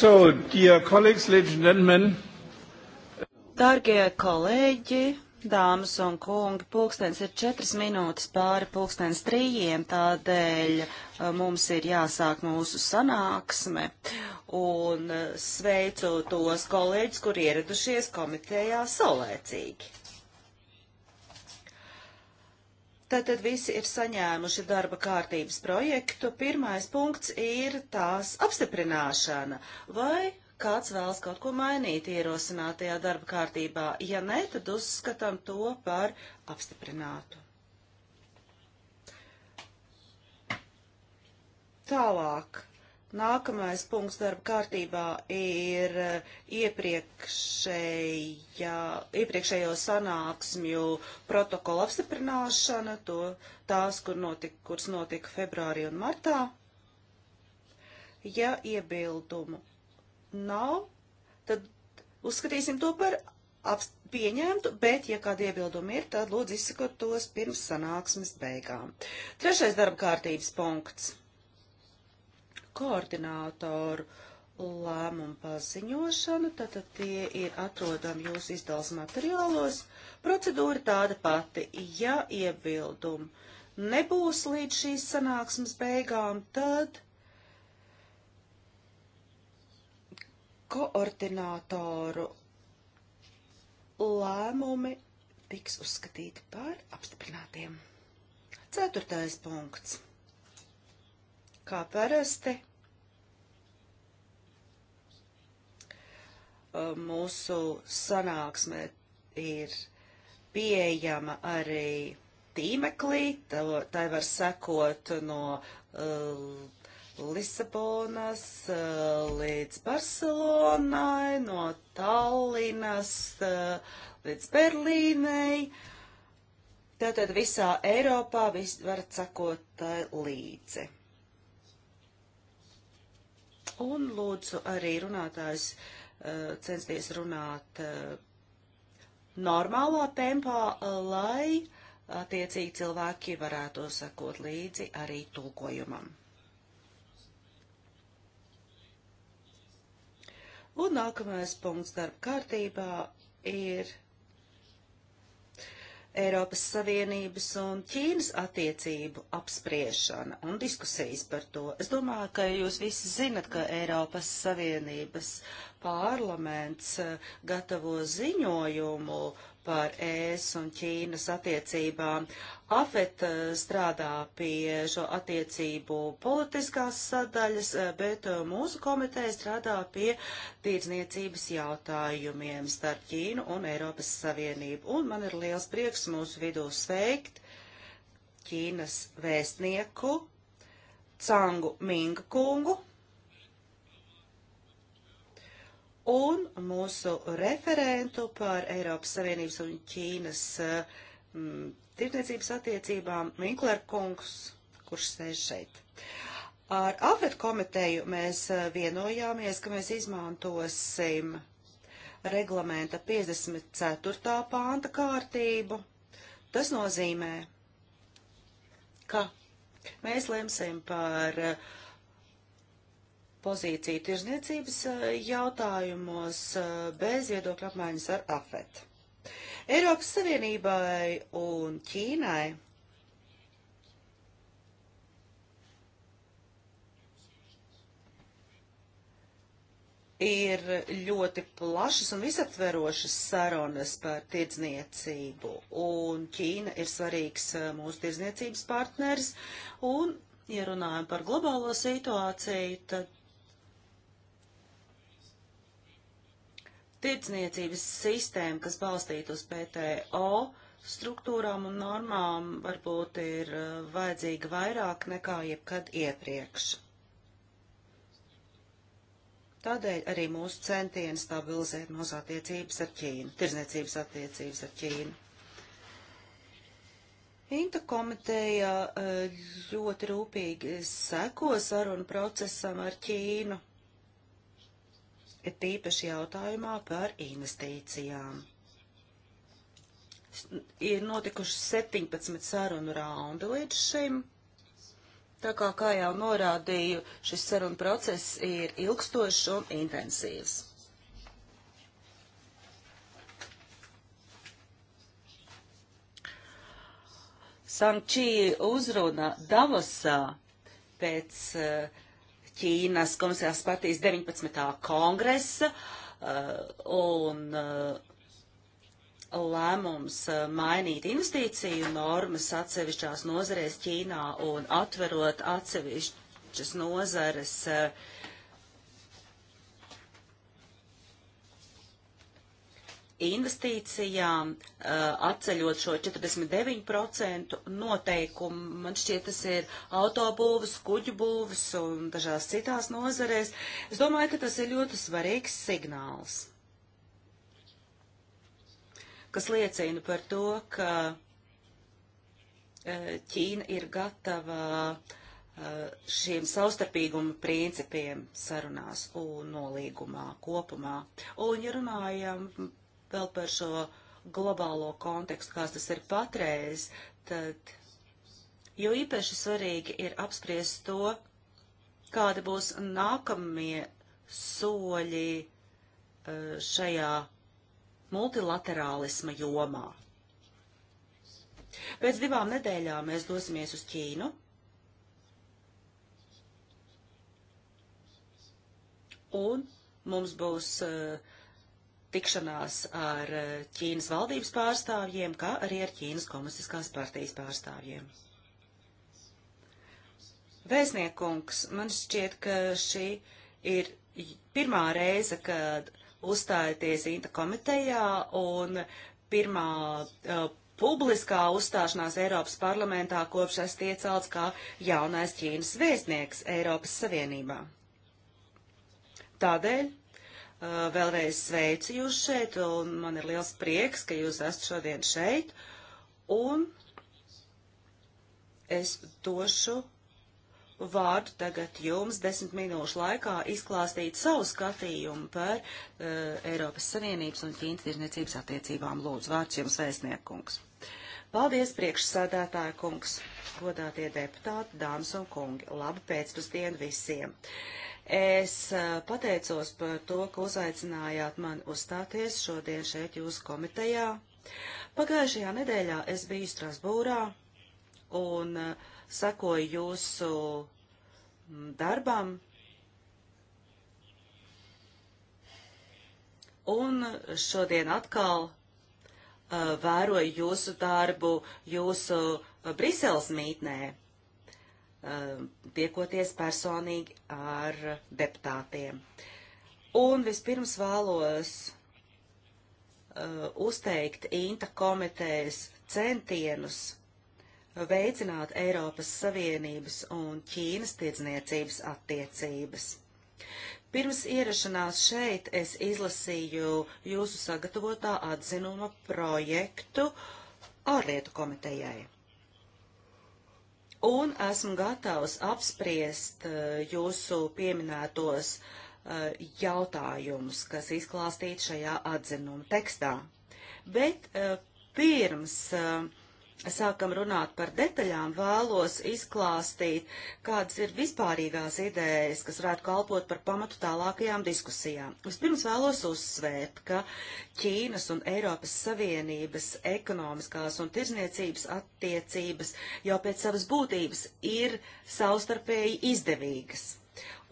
So, dear colleagues, ladies and gentlemen. Dargie kolēģi, dāmas un kungi, pulkstens ir četras minūtes pāri pulkstens trījiem, tādēļ uh, mums ir jāsāk mūsu sanāksme. Un uh, sveicu tos kolēģis, kur ieradušies komitejā saulēcīgi. Tātad visi ir saņēmuši darba kārtības projektu. Pirmais punkts ir tās apstiprināšana. Vai kāds vēlas kaut ko mainīt ierosinātajā darba kārtībā? Ja nē, tad uzskatām to par apstiprinātu. Tālāk. Nākamais punkts darba kārtībā ir eh, iepriekšējā, iepriekšējo sanāksmju protokola apstiprināšana, to, tās, kur notika, kuras notika februārī un martā. Ja iebildumu nav, tad uzskatīsim to par pieņemtu, bet, ja kādi iebildumi ir, tad lūdzu izsakot tos pirms sanāksmes beigām. Trešais darba kārtības punkts – koordinātoru lēmumu paziņošanu, tātad tie ir atrodami jūsu izdals materiālos. Procedūra tāda pati, ja iebildumu nebūs līdz šīs sanāksmes beigām, tad koordinātoru lēmumi tiks uzskatīti par apstiprinātiem. Ceturtais punkts. Kā parasti mūsu sanāksme ir pieejama arī tīmeklī, tā, tā var sekot no uh, Lisabonas uh, līdz Barcelonai, no Tallinas uh, līdz Berlīnei. Tātad visā Eiropā vis var sekot tai uh, līdzi. Un lūdzu arī runātājs uh, Eh, censties runāt eh, normālā tempā, eh, lai attiecīgi cilvēki varētu sekot līdzi arī tulkojumam. Un nākamais punkts darba kārtībā ir Eiropas Savienības un Ķīnas attiecību apspriešana un diskusijas par to. Es domāju, ka jūs visi zinat, ka Eiropas Savienības parlaments eh, gatavo ziņojumu par ES un Ķīnas attiecībām. AFET eh, strādā pie šo attiecību politiskās sadaļas, eh, bet eh, mūsu komiteja strādā pie tīrzniecības jautājumiem starp Ķīnu un Eiropas Savienību. Un man ir liels prieks mūsu vidū sveikt Ķīnas vēstnieku Cangu Minga kungu. un mūsu referentu par Eiropas Savienības un Ķīnas mm, tirdzniecības attiecībām Minkler kungs, kurš sēž šeit. Ar Afet komiteju mēs eh, vienojāmies, ka mēs izmantosim reglamenta 54. pānta kārtību. Tas nozīmē, ka mēs lemsim par uh, pozīciju tirzniecības eh, jautājumos eh, bez viedokļa apmaiņas ar AFET. Eiropas Savienībai un Ķīnai ir ļoti plašas un visaptverošas sarunas par tirdzniecību, un Ķīna ir svarīgs eh, mūsu tirdzniecības partners, un, ja runājam par globālo situāciju, tad tirdzniecības sistēma, kas balstīta uz PTO struktūrām un normām, varbūt ir uh, vajadzīga vairāk nekā jebkad iepriekš. Tādēļ arī mūsu centieni stabilizēt mūsu attiecības ar Ķīnu, tirdzniecības attiecības ar Ķīnu. Inta komiteja uh, ļoti rūpīgi seko sarunu procesam ar Ķīnu ir tīpaši jautājumā par investīcijām. Ir notikuši 17 sarunu raundi līdz šim. Tā kā, kā jau norādīju, šis sarunu process ir ilgstošs un intensīvs. Sančī uzruna Davosā pēc uh, Ķīnas komisijās partijas 19. kongresa uh, un uh, lēmums uh, mainīt investīciju normas atsevišķās nozarēs Ķīnā un atverot atsevišķas nozares uh, investīcijām, eh, atceļot šo 49% noteikumu. Man šķiet, tas ir autobūvas, kuģu būvas un dažās citās nozarēs. Es domāju, ka tas ir ļoti svarīgs signāls, kas liecina par to, ka eh, Ķīna ir gatava eh, šiem savstarpīguma principiem sarunās un nolīgumā kopumā. Un, ja runājam vēl par šo globālo kontekstu, kāds tas ir patreiz, tad jo īpaši svarīgi ir apspriest to, kādi būs nākamie soļi e, šajā multilaterālisma jomā. Pēc divām nedēļām mēs dosimies uz Ķīnu. Un mums būs uh, tikšanās ar eh, Ķīnas valdības pārstāvjiem, kā arī ar Ķīnas komunistiskās partijas pārstāvjiem. Vēstniekungs, man šķiet, ka šī ir pirmā reize, kad uzstājieties Inta komitejā un pirmā uh, publiskā uzstāšanās Eiropas parlamentā kopš esat iecelts kā jaunais Ķīnas vēstnieks Eiropas Savienībā. Tādēļ Eh, vēlreiz sveicu jūs šeit, un man ir liels prieks, ka jūs esat šodien šeit, un es došu vārdu tagad jums desmit minūšu laikā izklāstīt savu skatījumu par uh, Eiropas Savienības un Ķīnas tirzniecības attiecībām. Lūdzu, vārds jums vēstniekungs. Paldies, priekšsādātāja kungs, godātie deputāti, dāmas un kungi. Labu pēcpusdienu visiem. Es pateicos par to, ka uzaicinājāt mani uzstāties šodien šeit jūsu komitejā. Pagājušajā nedēļā es biju Strasbūrā un sekoju jūsu darbam. Un šodien atkal uh, vēroju jūsu darbu jūsu Briseles mītnē. Um, tiekoties personīgi ar deputātiem. Un vispirms vēlos uh, uzteikt INTA komitejas centienus veicināt Eiropas Savienības un Ķīnas tirdzniecības attiecības. Pirms ierašanās šeit es izlasīju jūsu sagatavotā atzinuma projektu ārlietu komitejai un esmu gatavs apspriest eh, jūsu pieminētos eh, jautājumus, kas izklāstīti šajā atzinuma tekstā. Bet eh, pirms uh, sākam runāt par detaļām, vēlos izklāstīt, kādas ir vispārīgās idejas, kas varētu kalpot par pamatu tālākajām diskusijām. Vispirms vēlos uzsvērt, ka Ķīnas un Eiropas Savienības ekonomiskās un tirzniecības attiecības jau pēc savas būtības ir savstarpēji izdevīgas.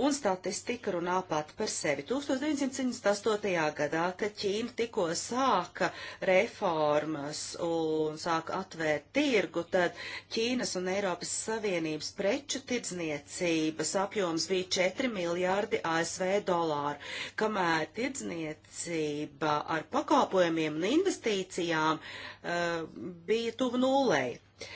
Un statistika runā pat par sevi. 1978. gadā, kad Ķīna tikko sāka reformas un sāka atvērt tirgu, tad Ķīnas un Eiropas Savienības preču tirdzniecības apjoms bija 4 miljārdi ASV dolāru, kamēr tirdzniecība ar pakalpojumiem un investīcijām uh, bija tuvu nulēji. Uh,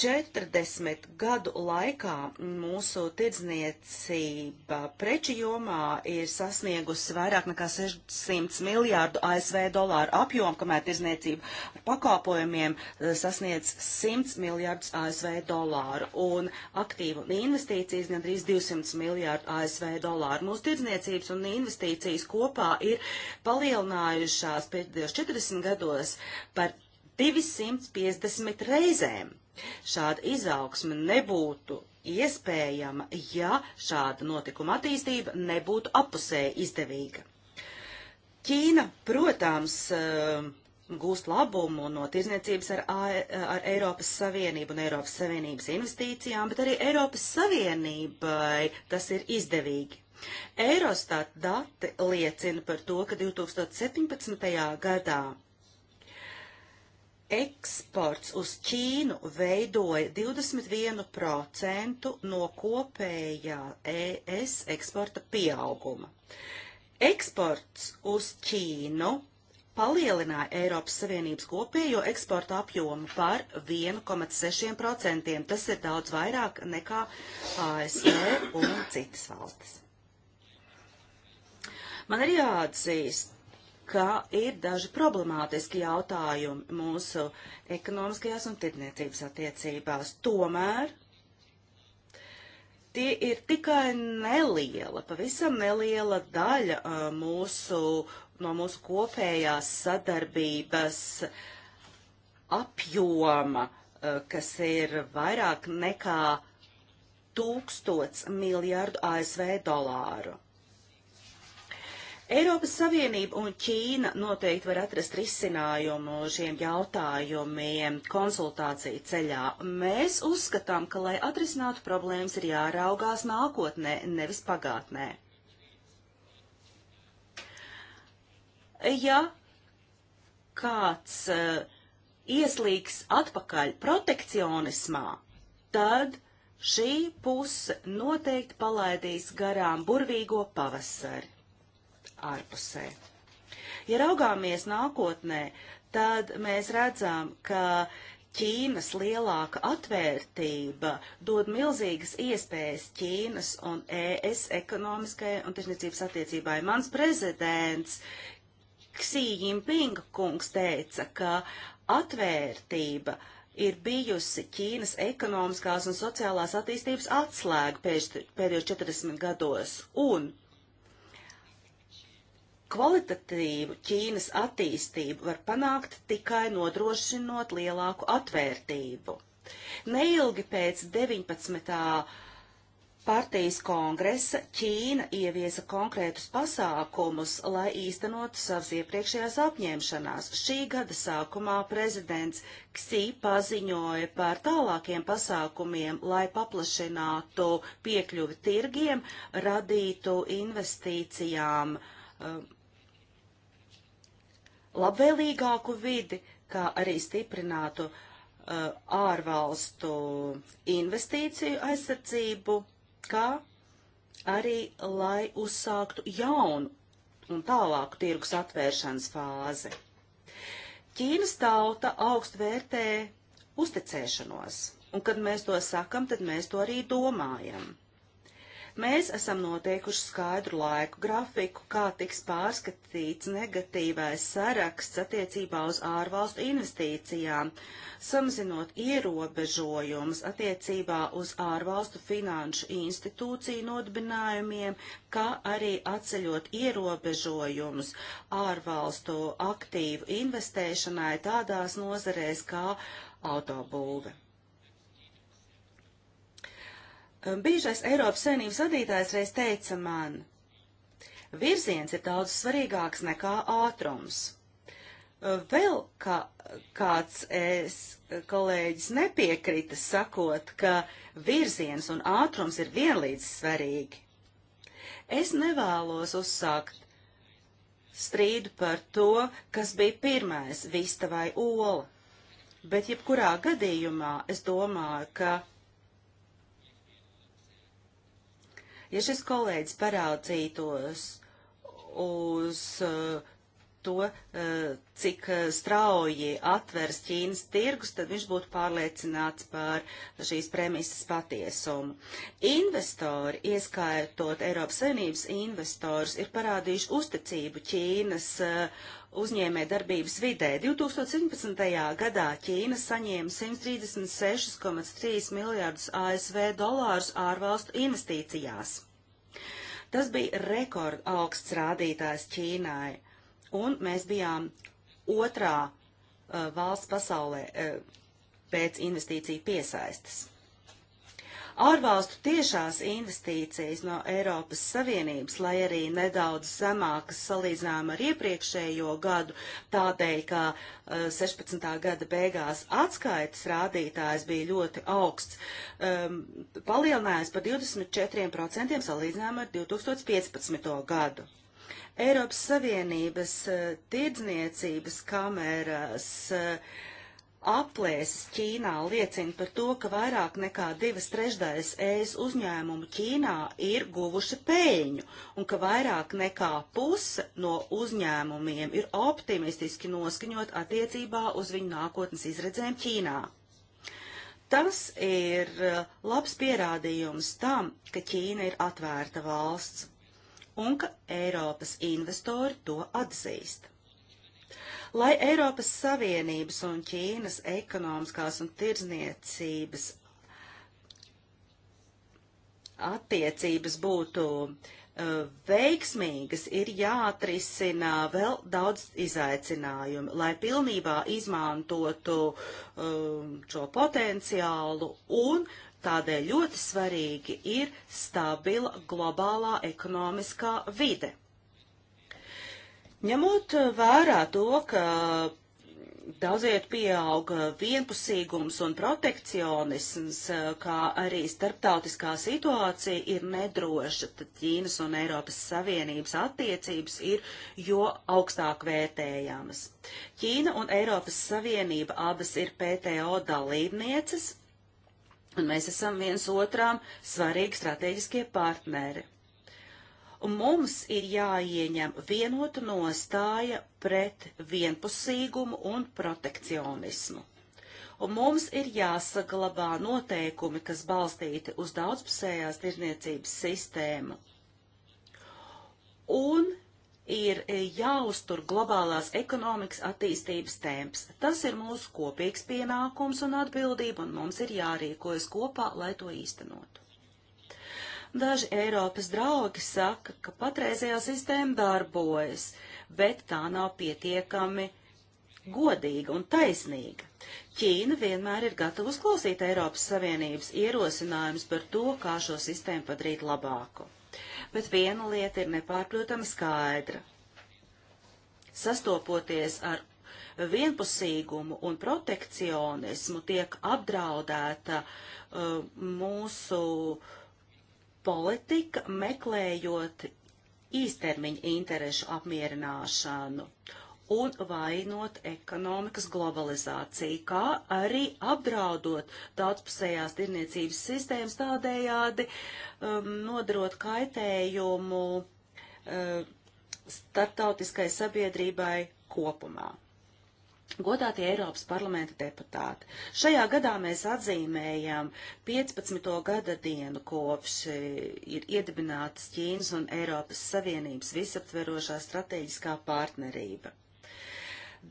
40 gadu laikā mūsu tirdzniecība preču jomā ir sasniegusi vairāk nekā 600 miljārdu ASV dolāru apjomu, kamēr tirdzniecība ar pakalpojumiem e, sasniedz 100 miljārdus ASV dolāru un aktīvu un investīcijas gandrīz 200 miljārdu ASV dolāru. Mūsu tirdzniecības un investīcijas kopā ir palielinājušās pēdējos 40 gados par 250 reizēm. Šāda izaugsme nebūtu iespējama, ja šāda notikuma attīstība nebūtu apusēji izdevīga. Ķīna, protams, um, gūst labumu no tirzniecības ar, ar Eiropas Savienību un Eiropas Savienības investīcijām, bet arī Eiropas Savienībai tas ir izdevīgi. Eirostat dati liecina par to, ka 2017. gadā eksports uz Ķīnu veidoja 21% no kopējā ES eksporta pieauguma. Eksports uz Ķīnu palielināja Eiropas Savienības kopējo eksporta apjomu par 1,6%. Tas ir daudz vairāk nekā ASV e un citas valstis. Man ir jāatzīst, ka ir daži problemātiski jautājumi mūsu ekonomiskajās un tirdzniecības attiecībās. Tomēr tie ir tikai neliela, pavisam neliela daļa uh, mūsu, no mūsu kopējās sadarbības apjoma, uh, kas ir vairāk nekā tūkstots miljardu ASV dolāru. Eiropas Savienība un Ķīna noteikti var atrast risinājumu šiem jautājumiem konsultāciju ceļā. Mēs uzskatām, ka, lai atrisinātu problēmas, ir jāraugās nākotnē, nevis pagātnē. Ja kāds uh, ieslīgs atpakaļ protekcionismā, tad šī puse noteikti palaidīs garām burvīgo pavasari ārpusē. Ja raugāmies nākotnē, tad mēs redzam, ka Ķīnas lielāka atvērtība dod milzīgas iespējas Ķīnas un ES ekonomiskajai un tirsniecības attiecībai. Mans prezidents Ksī Jinping kungs teica, ka atvērtība ir bijusi Ķīnas ekonomiskās un sociālās attīstības atslēga pēdējos 40 gados, un Kvalitatīvu Ķīnas attīstību var panākt tikai nodrošinot lielāku atvērtību. Neilgi pēc 19. partijas kongresa Ķīna ieviesa konkrētus pasākumus, lai īstenotu savas iepriekšējās apņemšanās. Šī gada sākumā prezidents Ksī paziņoja par tālākiem pasākumiem, lai paplašinātu piekļuvi tirgiem, radītu investīcijām. Um, labvēlīgāku vidi, kā arī stiprinātu uh, ārvalstu investīciju aizsardzību, kā arī lai uzsāktu jaunu un tālāku tirgus atvēršanas fāzi. Ķīnas tauta augst vērtē uzticēšanos, un kad mēs to sakam, tad mēs to arī domājam. Mēs esam noteikuši skaidru laiku grafiku, kā tiks pārskatīts negatīvais saraksts attiecībā uz ārvalstu investīcijām, samazinot ierobežojumus attiecībā uz ārvalstu finanšu institūciju nodibinājumiem, kā arī atceļot ierobežojumus ārvalstu aktīvu investēšanai tādās nozarēs kā autobūve. Um, biežais Eiropas Savienības vadītājs reiz teica man, virziens ir daudz svarīgāks nekā ātrums. Uh, vēl kā, kāds es uh, kolēģis nepiekrita sakot, ka virziens un ātrums ir vienlīdz svarīgi. Es nevēlos uzsākt strīdu par to, kas bija pirmais, vista vai ola, bet jebkurā gadījumā es domāju, ka Ja šis kolēģis paraudzītos uz uh, to, uh, cik uh, strauji atvers Ķīnas tirgus, tad viņš būtu pārliecināts par šīs premises patiesumu. Investori, ieskaitot Eiropas Savienības investorus, ir parādījuši uzticību Ķīnas uh, uzņēmē darbības vidē. 2017. gadā Ķīna saņēma 136,3 miljārdus ASV dolārus ārvalstu investīcijās. Tas bija rekord augsts rādītājs Ķīnai, un mēs bijām otrā uh, valsts pasaulē uh, pēc investīciju piesaistas ārvalstu tiešās investīcijas no Eiropas Savienības, lai arī nedaudz zemākas salīdzinājumā ar iepriekšējo gadu, tādēļ, ka uh, eh, 16. gada beigās atskaites rādītājs bija ļoti augsts, um, palielinājās par 24% salīdzinājumā ar 2015. gadu. Eiropas Savienības uh, tirdzniecības kameras uh, Aplēses Ķīnā liecina par to, ka vairāk nekā divas trešdaļas ES uzņēmumu Ķīnā ir guvuši peļņu, un ka vairāk nekā puse no uzņēmumiem ir optimistiski noskaņot attiecībā uz viņu nākotnes izredzēm Ķīnā. Tas ir eh, labs pierādījums tam, ka Ķīna ir atvērta valsts, un ka Eiropas investori to atzīst lai Eiropas Savienības un Ķīnas ekonomiskās un tirdzniecības attiecības būtu uh, veiksmīgas, ir jāatrisina vēl daudz izaicinājumu, lai pilnībā izmantotu um, šo potenciālu un tādēļ ļoti svarīgi ir stabila globālā ekonomiskā vide. Ņemot vērā to, ka daudziet pieauga vienpusīgums un protekcionisms, kā arī starptautiskā situācija ir nedroša, tad Ķīnas un Eiropas Savienības attiecības ir jo augstāk vērtējamas. Ķīna un Eiropas Savienība abas ir PTO dalībnieces, un mēs esam viens otram svarīgi strateģiskie partneri un mums ir jāieņem vienota nostāja pret vienpusīgumu un protekcionismu. Un mums ir jāsaglabā noteikumi, kas balstīti uz daudzpusējās tirniecības sistēmu. Un ir jāuztur globālās ekonomikas attīstības temps. Tas ir mūsu kopīgs pienākums un atbildība, un mums ir jārīkojas kopā, lai to īstenotu. Daži Eiropas draugi saka, ka patreizējā sistēma darbojas, bet tā nav pietiekami godīga un taisnīga. Ķīna vienmēr ir gatava uzklausīt Eiropas Savienības ierosinājumus par to, kā šo sistēmu padarīt labāku. Bet viena lieta ir nepārprotami skaidra. Sastopoties ar vienpusīgumu un protekcionismu tiek apdraudēta uh, mūsu uh, politika, meklējot īstermiņa interešu apmierināšanu un vainot ekonomikas globalizāciju, kā arī apdraudot daudzpusējās tirniecības sistēmas tādējādi um, nodarot kaitējumu um, starptautiskai sabiedrībai kopumā. Godātie Eiropas parlamenta deputāti, šajā gadā mēs atzīmējam 15. gada dienu, kopš e, ir iedibinātas Ķīnas un Eiropas Savienības visaptverošā strateģiskā partnerība.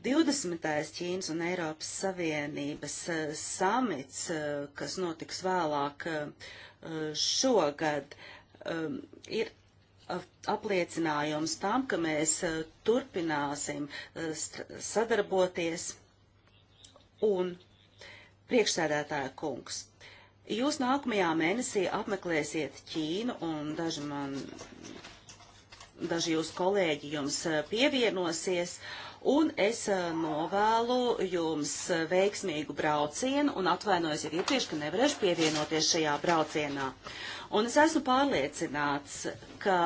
20. Ķīnas un Eiropas Savienības e, samits, e, kas notiks vēlāk šogad, ir apliecinājums tam, ka mēs eh, turpināsim eh, sadarboties. Un priekšsēdētāja kungs, jūs nākamajā mēnesī apmeklēsiet Ķīnu un daži man, daži jūsu kolēģi jums eh, pievienosies. Uh, un es eh, novēlu jums eh, veiksmīgu braucienu un atvainojos jau iepriekš, ka nevarēšu pievienoties šajā braucienā. Un es esmu pārliecināts, ka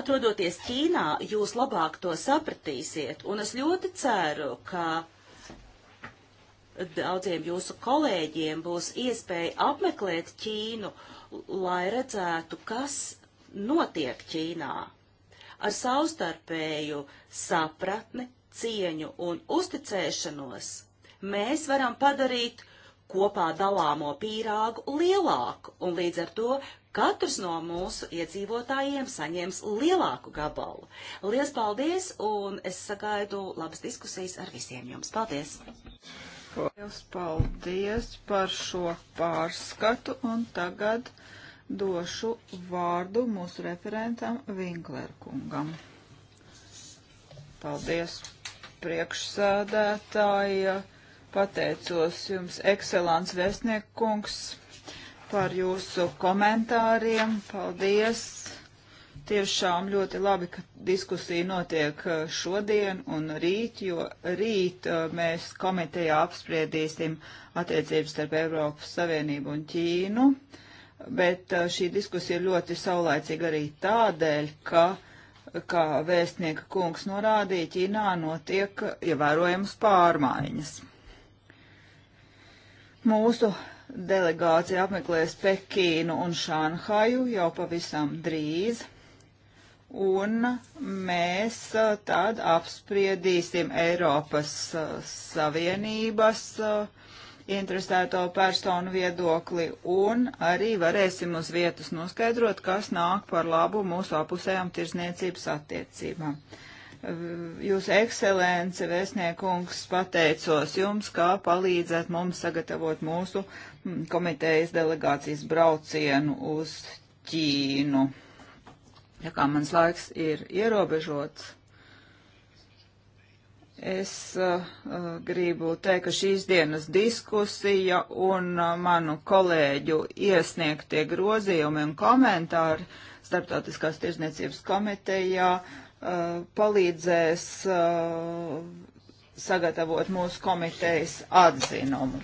atrodoties Ķīnā, jūs labāk to sapratīsiet, un es ļoti ceru, ka daudziem jūsu kolēģiem būs iespēja apmeklēt Ķīnu, lai redzētu, kas notiek Ķīnā ar savstarpēju sapratni, cieņu un uzticēšanos mēs varam padarīt kopā dalāmo pīrāgu lielāku, un līdz ar to katrs no mūsu iedzīvotājiem saņems lielāku gabalu. Lielas paldies, un es sagaidu labas diskusijas ar visiem jums. Paldies! Lielas paldies par šo pārskatu, un tagad došu vārdu mūsu referentam Vinklerkungam. Paldies, priekšsādātāja. Pateicos jums, ekscelants vēstniekungs, par jūsu komentāriem. Paldies! Tiešām ļoti labi, ka diskusija notiek eh, šodien un rīt, jo rīt eh, mēs komitejā apspriedīsim attiecības starp Eiropas Savienību un Ķīnu. Uh, bet uh, šī diskusija ir ļoti saulēcīga arī tādēļ, ka, kā vēstnieka kungs norādīja, Ķīnā notiek ievērojamas pārmaiņas. Mūsu delegācija apmeklēs Pekīnu un Šanhaju jau pavisam drīz, un mēs uh, tad apspriedīsim Eiropas uh, Savienības uh, interesēto personu viedokli un arī varēsim uz vietas noskaidrot, kas nāk par labu mūsu apusējām tirzniecības attiecībām. Jūsu ekscelence, vēstniekungs, pateicos jums, kā palīdzēt mums sagatavot mūsu mm, komitejas delegācijas braucienu uz Ķīnu. Ja kā mans laiks ir ierobežots, Es uh, gribu teikt, ka šīs dienas diskusija un uh, manu kolēģu iesniegtie grozījumi un komentāri Startautiskās tirzniecības komitejā uh, palīdzēs sagatavot mūsu komitejas atzinumu.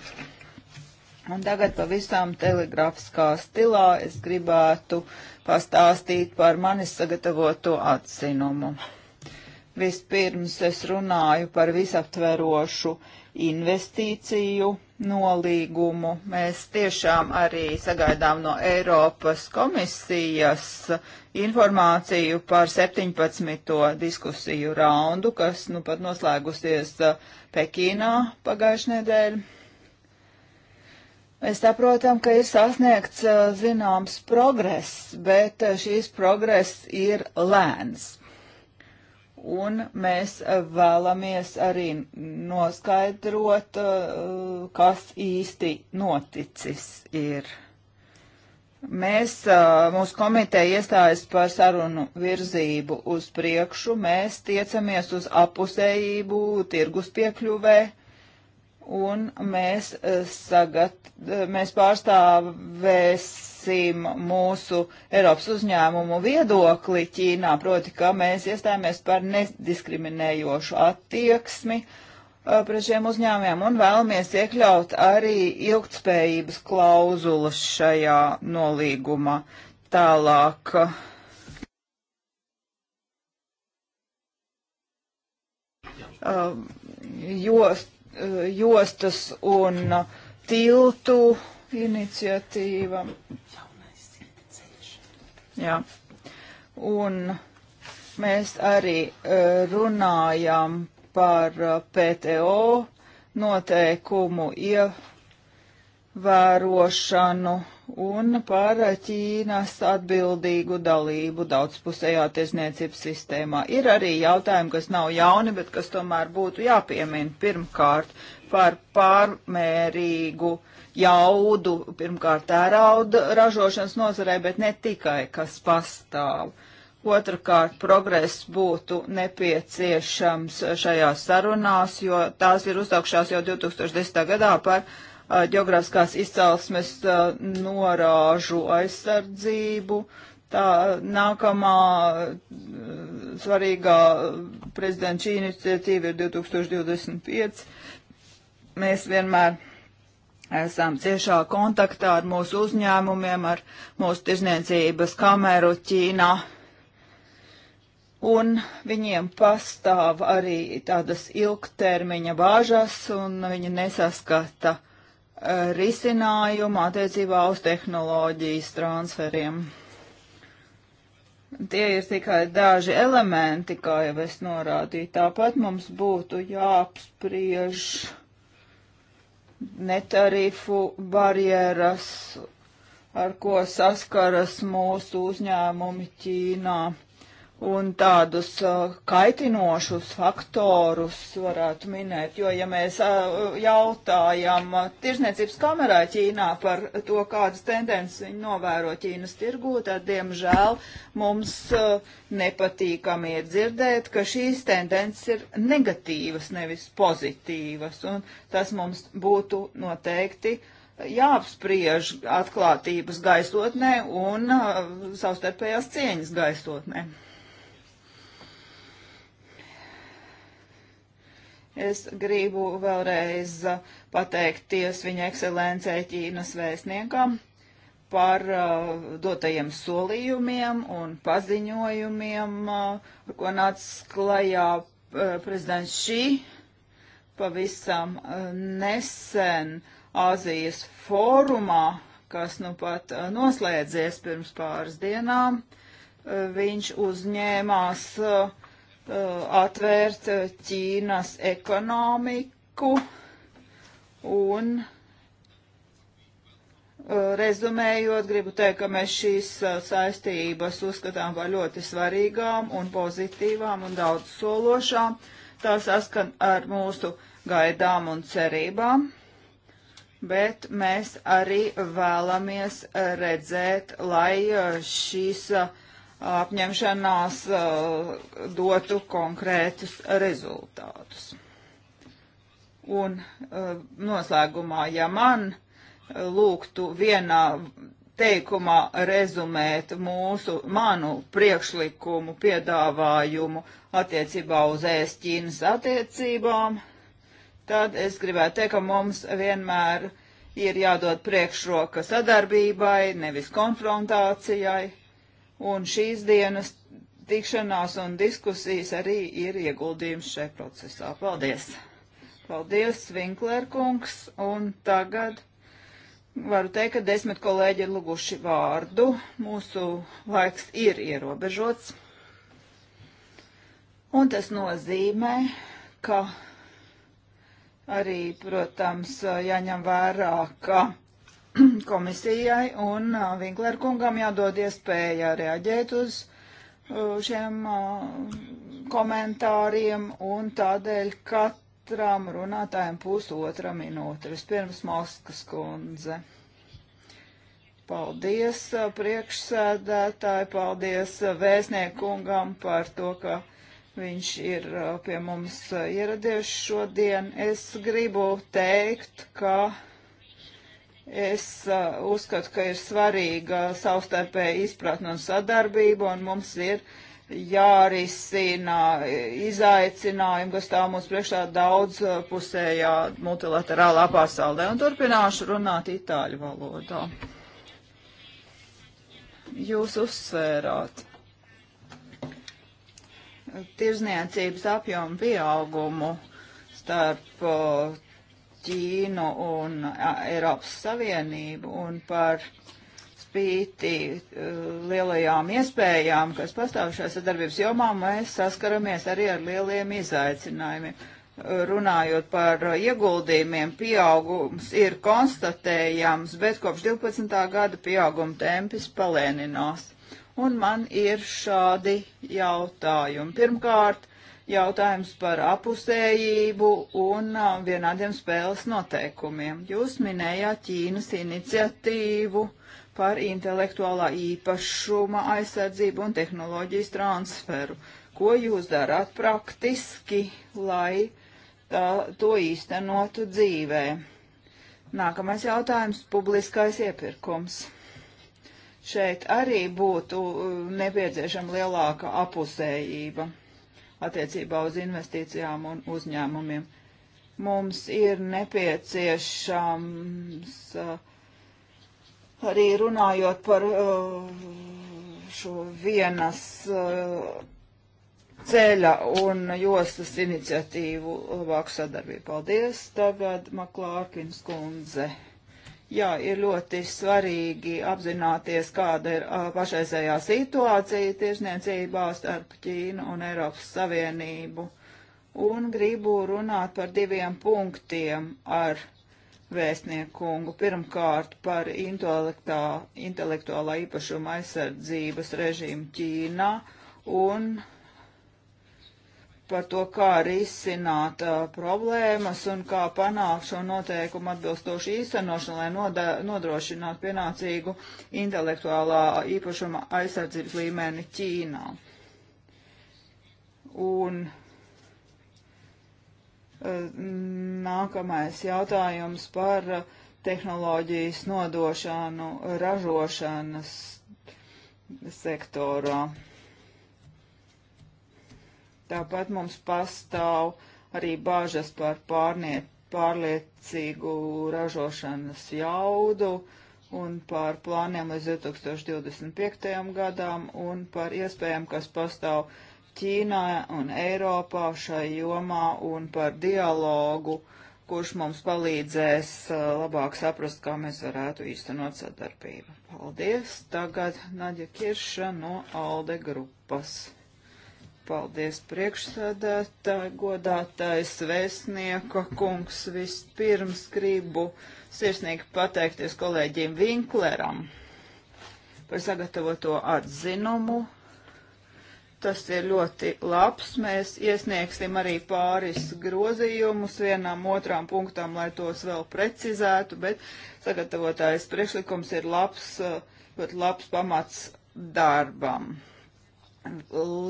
Un tagad pavisam telegrafiskā stilā es gribētu pastāstīt par manis sagatavoto atzinumu. Vispirms es runāju par visaptverošu investīciju nolīgumu. Mēs tiešām arī sagaidām no Eiropas komisijas informāciju par 17. diskusiju raundu, kas nu pat noslēgusies uh, Pekīnā pagājušajā nedēļā. Mēs saprotam, ka ir sasniegts uh, zināms progress, bet uh, šīs progress ir lēns un mēs vēlamies arī noskaidrot, uh, kas īsti noticis ir. Mēs, uh, mūsu komiteja iestājas par sarunu virzību uz priekšu, mēs tiecamies uz apusējību tirgus piekļuvē un mēs, eh, sagat, eh, mēs pārstāvēsim mūsu Eiropas uzņēmumu viedokli Ķīnā, proti, ka mēs iestājāmies par nediskriminējošu attieksmi eh, pret šiem uzņēmumiem un vēlamies iekļaut arī ilgtspējības klauzulas šajā nolīgumā tālāk. Uh, jo Eh, jostas un tiltu iniciatīva. Jā. Un mēs arī eh, runājam par eh, PTO noteikumu ievērošanu. Ja un par Ķīnas atbildīgu dalību daudzpusējā tiesniecības sistēmā. Ir arī jautājumi, kas nav jauni, bet kas tomēr būtu jāpiemina pirmkārt par pārmērīgu jaudu, pirmkārt tērauda ražošanas nozarē, bet ne tikai, kas pastāv. Otrakārt, progress būtu nepieciešams šajās sarunās, jo tās ir uzsākšās jau 2010. gadā par ģeogrāfiskās uh, izcelsmes uh, norāžu aizsardzību. Tā nākamā uh, svarīgā prezidenta šī iniciatīva ir 2025. Mēs vienmēr esam ciešā kontaktā ar mūsu uzņēmumiem, ar mūsu tirzniecības kameru Ķīnā. Un viņiem pastāv arī tādas ilgtermiņa bāžas, un viņi nesaskata uh, risinājumu attiecībā uz tehnoloģijas transferiem. Tie ir tikai daži elementi, kā jau es norādīju. Tāpat mums būtu jāapspriež netarifu barjeras, ar ko saskaras mūsu uzņēmumi Ķīnā un tādus uh, kaitinošus faktorus varētu minēt, jo ja mēs uh, jautājam uh, tirzniecības kamerā Ķīnā par to, kādas tendences viņi novēro Ķīnas tirgū, tad, diemžēl, mums uh, nepatīkami ir dzirdēt, ka šīs tendences ir negatīvas, nevis pozitīvas, un tas mums būtu noteikti jāapspriež atklātības gaisotnē un uh, savstarpējās cieņas gaisotnē. Es gribu vēlreiz pateikties viņa ekscelencē Ķīnas vēstniekam par uh, dotajiem solījumiem un paziņojumiem, uh, ar ko nāca klajā uh, prezidents Šī pavisam uh, nesen Āzijas fórumā, kas nu pat uh, noslēdzies pirms pāris dienām. Uh, viņš uzņēmās uh, Uh, atvērt uh, Ķīnas ekonomiku un uh, Rezumējot, gribu teikt, ka mēs šīs saistības uzskatām par ļoti svarīgām un pozitīvām un daudz sološām. Tā saskan ar mūsu gaidām un cerībām, bet mēs arī vēlamies redzēt, lai šīs uh, apņemšanās eh, dotu konkrētus rezultātus. Un eh, noslēgumā, ja man lūgtu vienā teikumā rezumēt mūsu, manu priekšlikumu, piedāvājumu attiecībā uz ēst-Ķīnas attiecībām, tad es gribētu teikt, ka mums vienmēr ir jādod priekšroka sadarbībai, nevis konfrontācijai un šīs dienas tikšanās un diskusijas arī ir ieguldījums šai procesā. Paldies! Paldies, Vinklērkungs, un tagad varu teikt, ka desmit kolēģi ir luguši vārdu. Mūsu laiks ir ierobežots, un tas nozīmē, ka arī, protams, jāņem vērā, ka komisijai un uh, Vinklēra kungam jādod iespēja reaģēt uz uh, šiem uh, komentāriem un tādēļ katram runātājam pusotra minūte. Vispirms Moskas kundze. Paldies priekšsēdētāji, paldies vēstniekungam par to, ka viņš ir pie mums ieradies šodien. Es gribu teikt, ka Es uh, uzskatu, ka ir svarīga savstarpēja izpratne un sadarbība, un mums ir jārisina izaicinājumi, kas tā mums priekšā daudz uh, pusējā multilaterālā pasaulē. Un turpināšu runāt itāļu valodā. Jūs uzsvērāt tirzniecības apjomu pieaugumu starp uh, Ķīnu un Eiropas Savienību un par spīti e, lielajām iespējām, kas pastāv šajā sadarbības jomā, mēs saskaramies arī ar lieliem izaicinājumiem. Runājot par ieguldījumiem, pieaugums ir konstatējams, bet kopš 12. gada pieauguma tempis palēninās. Un man ir šādi jautājumi. Pirmkārt, jautājums par apusējību un uh, vienādiem spēles noteikumiem. Jūs minējāt Ķīnas iniciatīvu par intelektuālā īpašuma aizsardzību un tehnoloģijas transferu. Ko jūs darāt praktiski, lai tā, uh, to īstenotu dzīvē? Nākamais jautājums - publiskais iepirkums. Šeit arī būtu uh, nepieciešama lielāka apusējība attiecībā uz investīcijām un uzņēmumiem. Mums ir nepieciešams uh, arī runājot par uh, šo vienas uh, ceļa un jostas iniciatīvu labāku sadarbību. Paldies, tagad Maklārkins kundze. Jā, ir ļoti svarīgi apzināties, kāda ir a, pašreizējā situācija tiešniecībā starp Ķīnu un Eiropas Savienību. Un gribu runāt par diviem punktiem ar vēstnieku kungu. Pirmkārt, par intelektuālā īpašuma aizsardzības režīmu Ķīnā un par to, kā risināt uh, problēmas un kā panākt šo noteikumu atbilstošu īstenošanu, lai noda, nodrošinātu pienācīgu intelektuālā īpašuma aizsardzības līmeni Ķīnā. Un uh, nākamais jautājums par uh, tehnoloģijas nodošanu ražošanas sektorā. Uh, Tāpat mums pastāv arī bāžas par pārniet, pārliecīgu ražošanas jaudu un par plāniem līdz 2025. gadām un par iespējām, kas pastāv Ķīnā un Eiropā šai jomā un par dialogu, kurš mums palīdzēs uh, labāk saprast, kā mēs varētu īstenot sadarbību. Paldies! Tagad Naģa Kirša no Alde grupas. Paldies priekšsēdētāji, godātājs vēstnieka kungs. Vispirms gribu sirsnīgi pateikties kolēģiem Vinkleram par sagatavoto atzinumu. Tas ir ļoti labs. Mēs iesniegsim arī pāris grozījumus vienām otrām punktām, lai tos vēl precizētu, bet sagatavotājs priekšlikums ir labs, uh, ļoti labs pamats darbam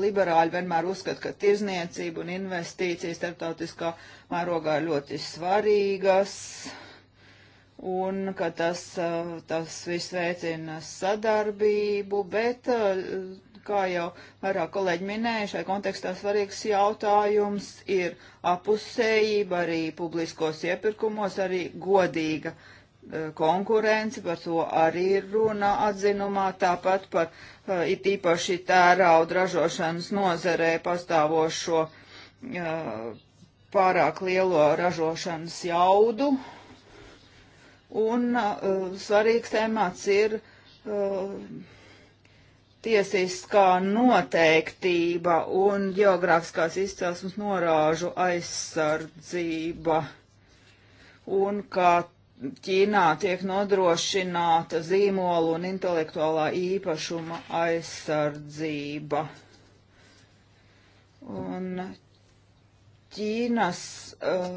liberāļi vienmēr uzskata, ka tirzniecība un investīcijas starptautiskā mērogā ir ļoti svarīgas un ka tas, uh, tas viss veicina sadarbību, bet, uh, kā jau vairāk kolēģi minēja, šai kontekstā svarīgs jautājums ir apusējība arī publiskos iepirkumos, arī godīga Eh, konkurenci, par to arī ir runa atzinumā, tāpat par eh, it īpaši tērauda ražošanas nozarē pastāvošo eh, pārāk lielo ražošanas jaudu. Un svarīgs temats ir tiesiskā noteiktība un geogrāfiskās izcelsmes norāžu aizsardzība un kā Ķīnā tiek nodrošināta zīmola un intelektuālā īpašuma aizsardzība. Un Ķīnas uh,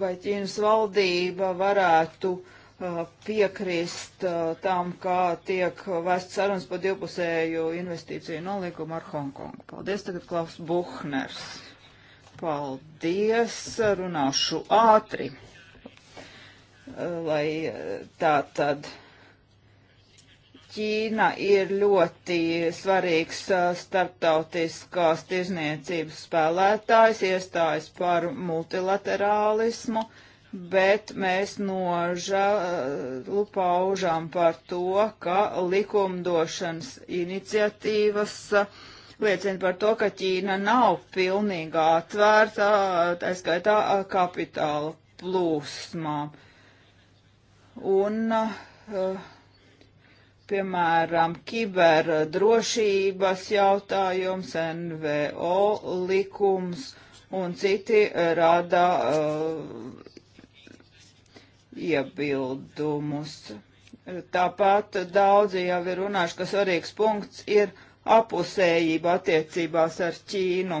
vai Ķīnas valdība varētu uh, piekrist uh, tam, kā tiek vēst sarunas par divpusēju investīciju nolīgumu ar Hongkongu. Paldies, tagad Klaus Buhners. Paldies, runāšu ātri lai tā tad. Ķīna ir ļoti svarīgs starptautiskās tirzniecības spēlētājs, iestājas par multilaterālismu, bet mēs nožēlu paužām par to, ka likumdošanas iniciatīvas liecina par to, ka Ķīna nav pilnībā atvērta, tā skaitā kapitāla plūsmām. Uh, un, eh, piemēram, kiberdrošības jautājums, NVO likums un citi rada uh, iebildumus. Tāpat daudzi jau ir runājuši, ka svarīgs punkts ir apusējība attiecībās ar Ķīnu,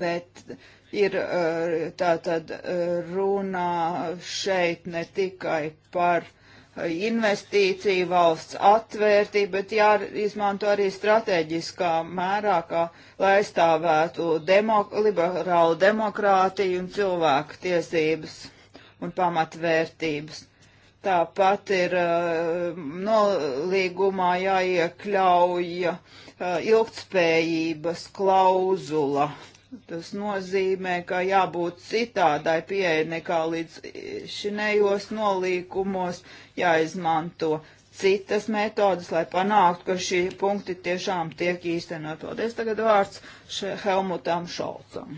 bet uh, Ir eh, tātad eh, runā šeit ne tikai par eh, investīciju valsts atvērtību, bet jāizmanto arī strateģiskā mērā, kā lai aizstāvētu demok liberālu demokrātiju un cilvēku tiesības un pamatvērtības. Tāpat ir uh, nolīgumā jāiekļauj uh, ilgtspējības klauzula. Uh, Tas nozīmē, ka jābūt citādai pieeja nekā līdz šinējos nolīkumos, jāizmanto citas metodas, lai panāktu, ka šie punkti tiešām tiek īstenot. Paldies tagad vārds Helmutam Šolcam.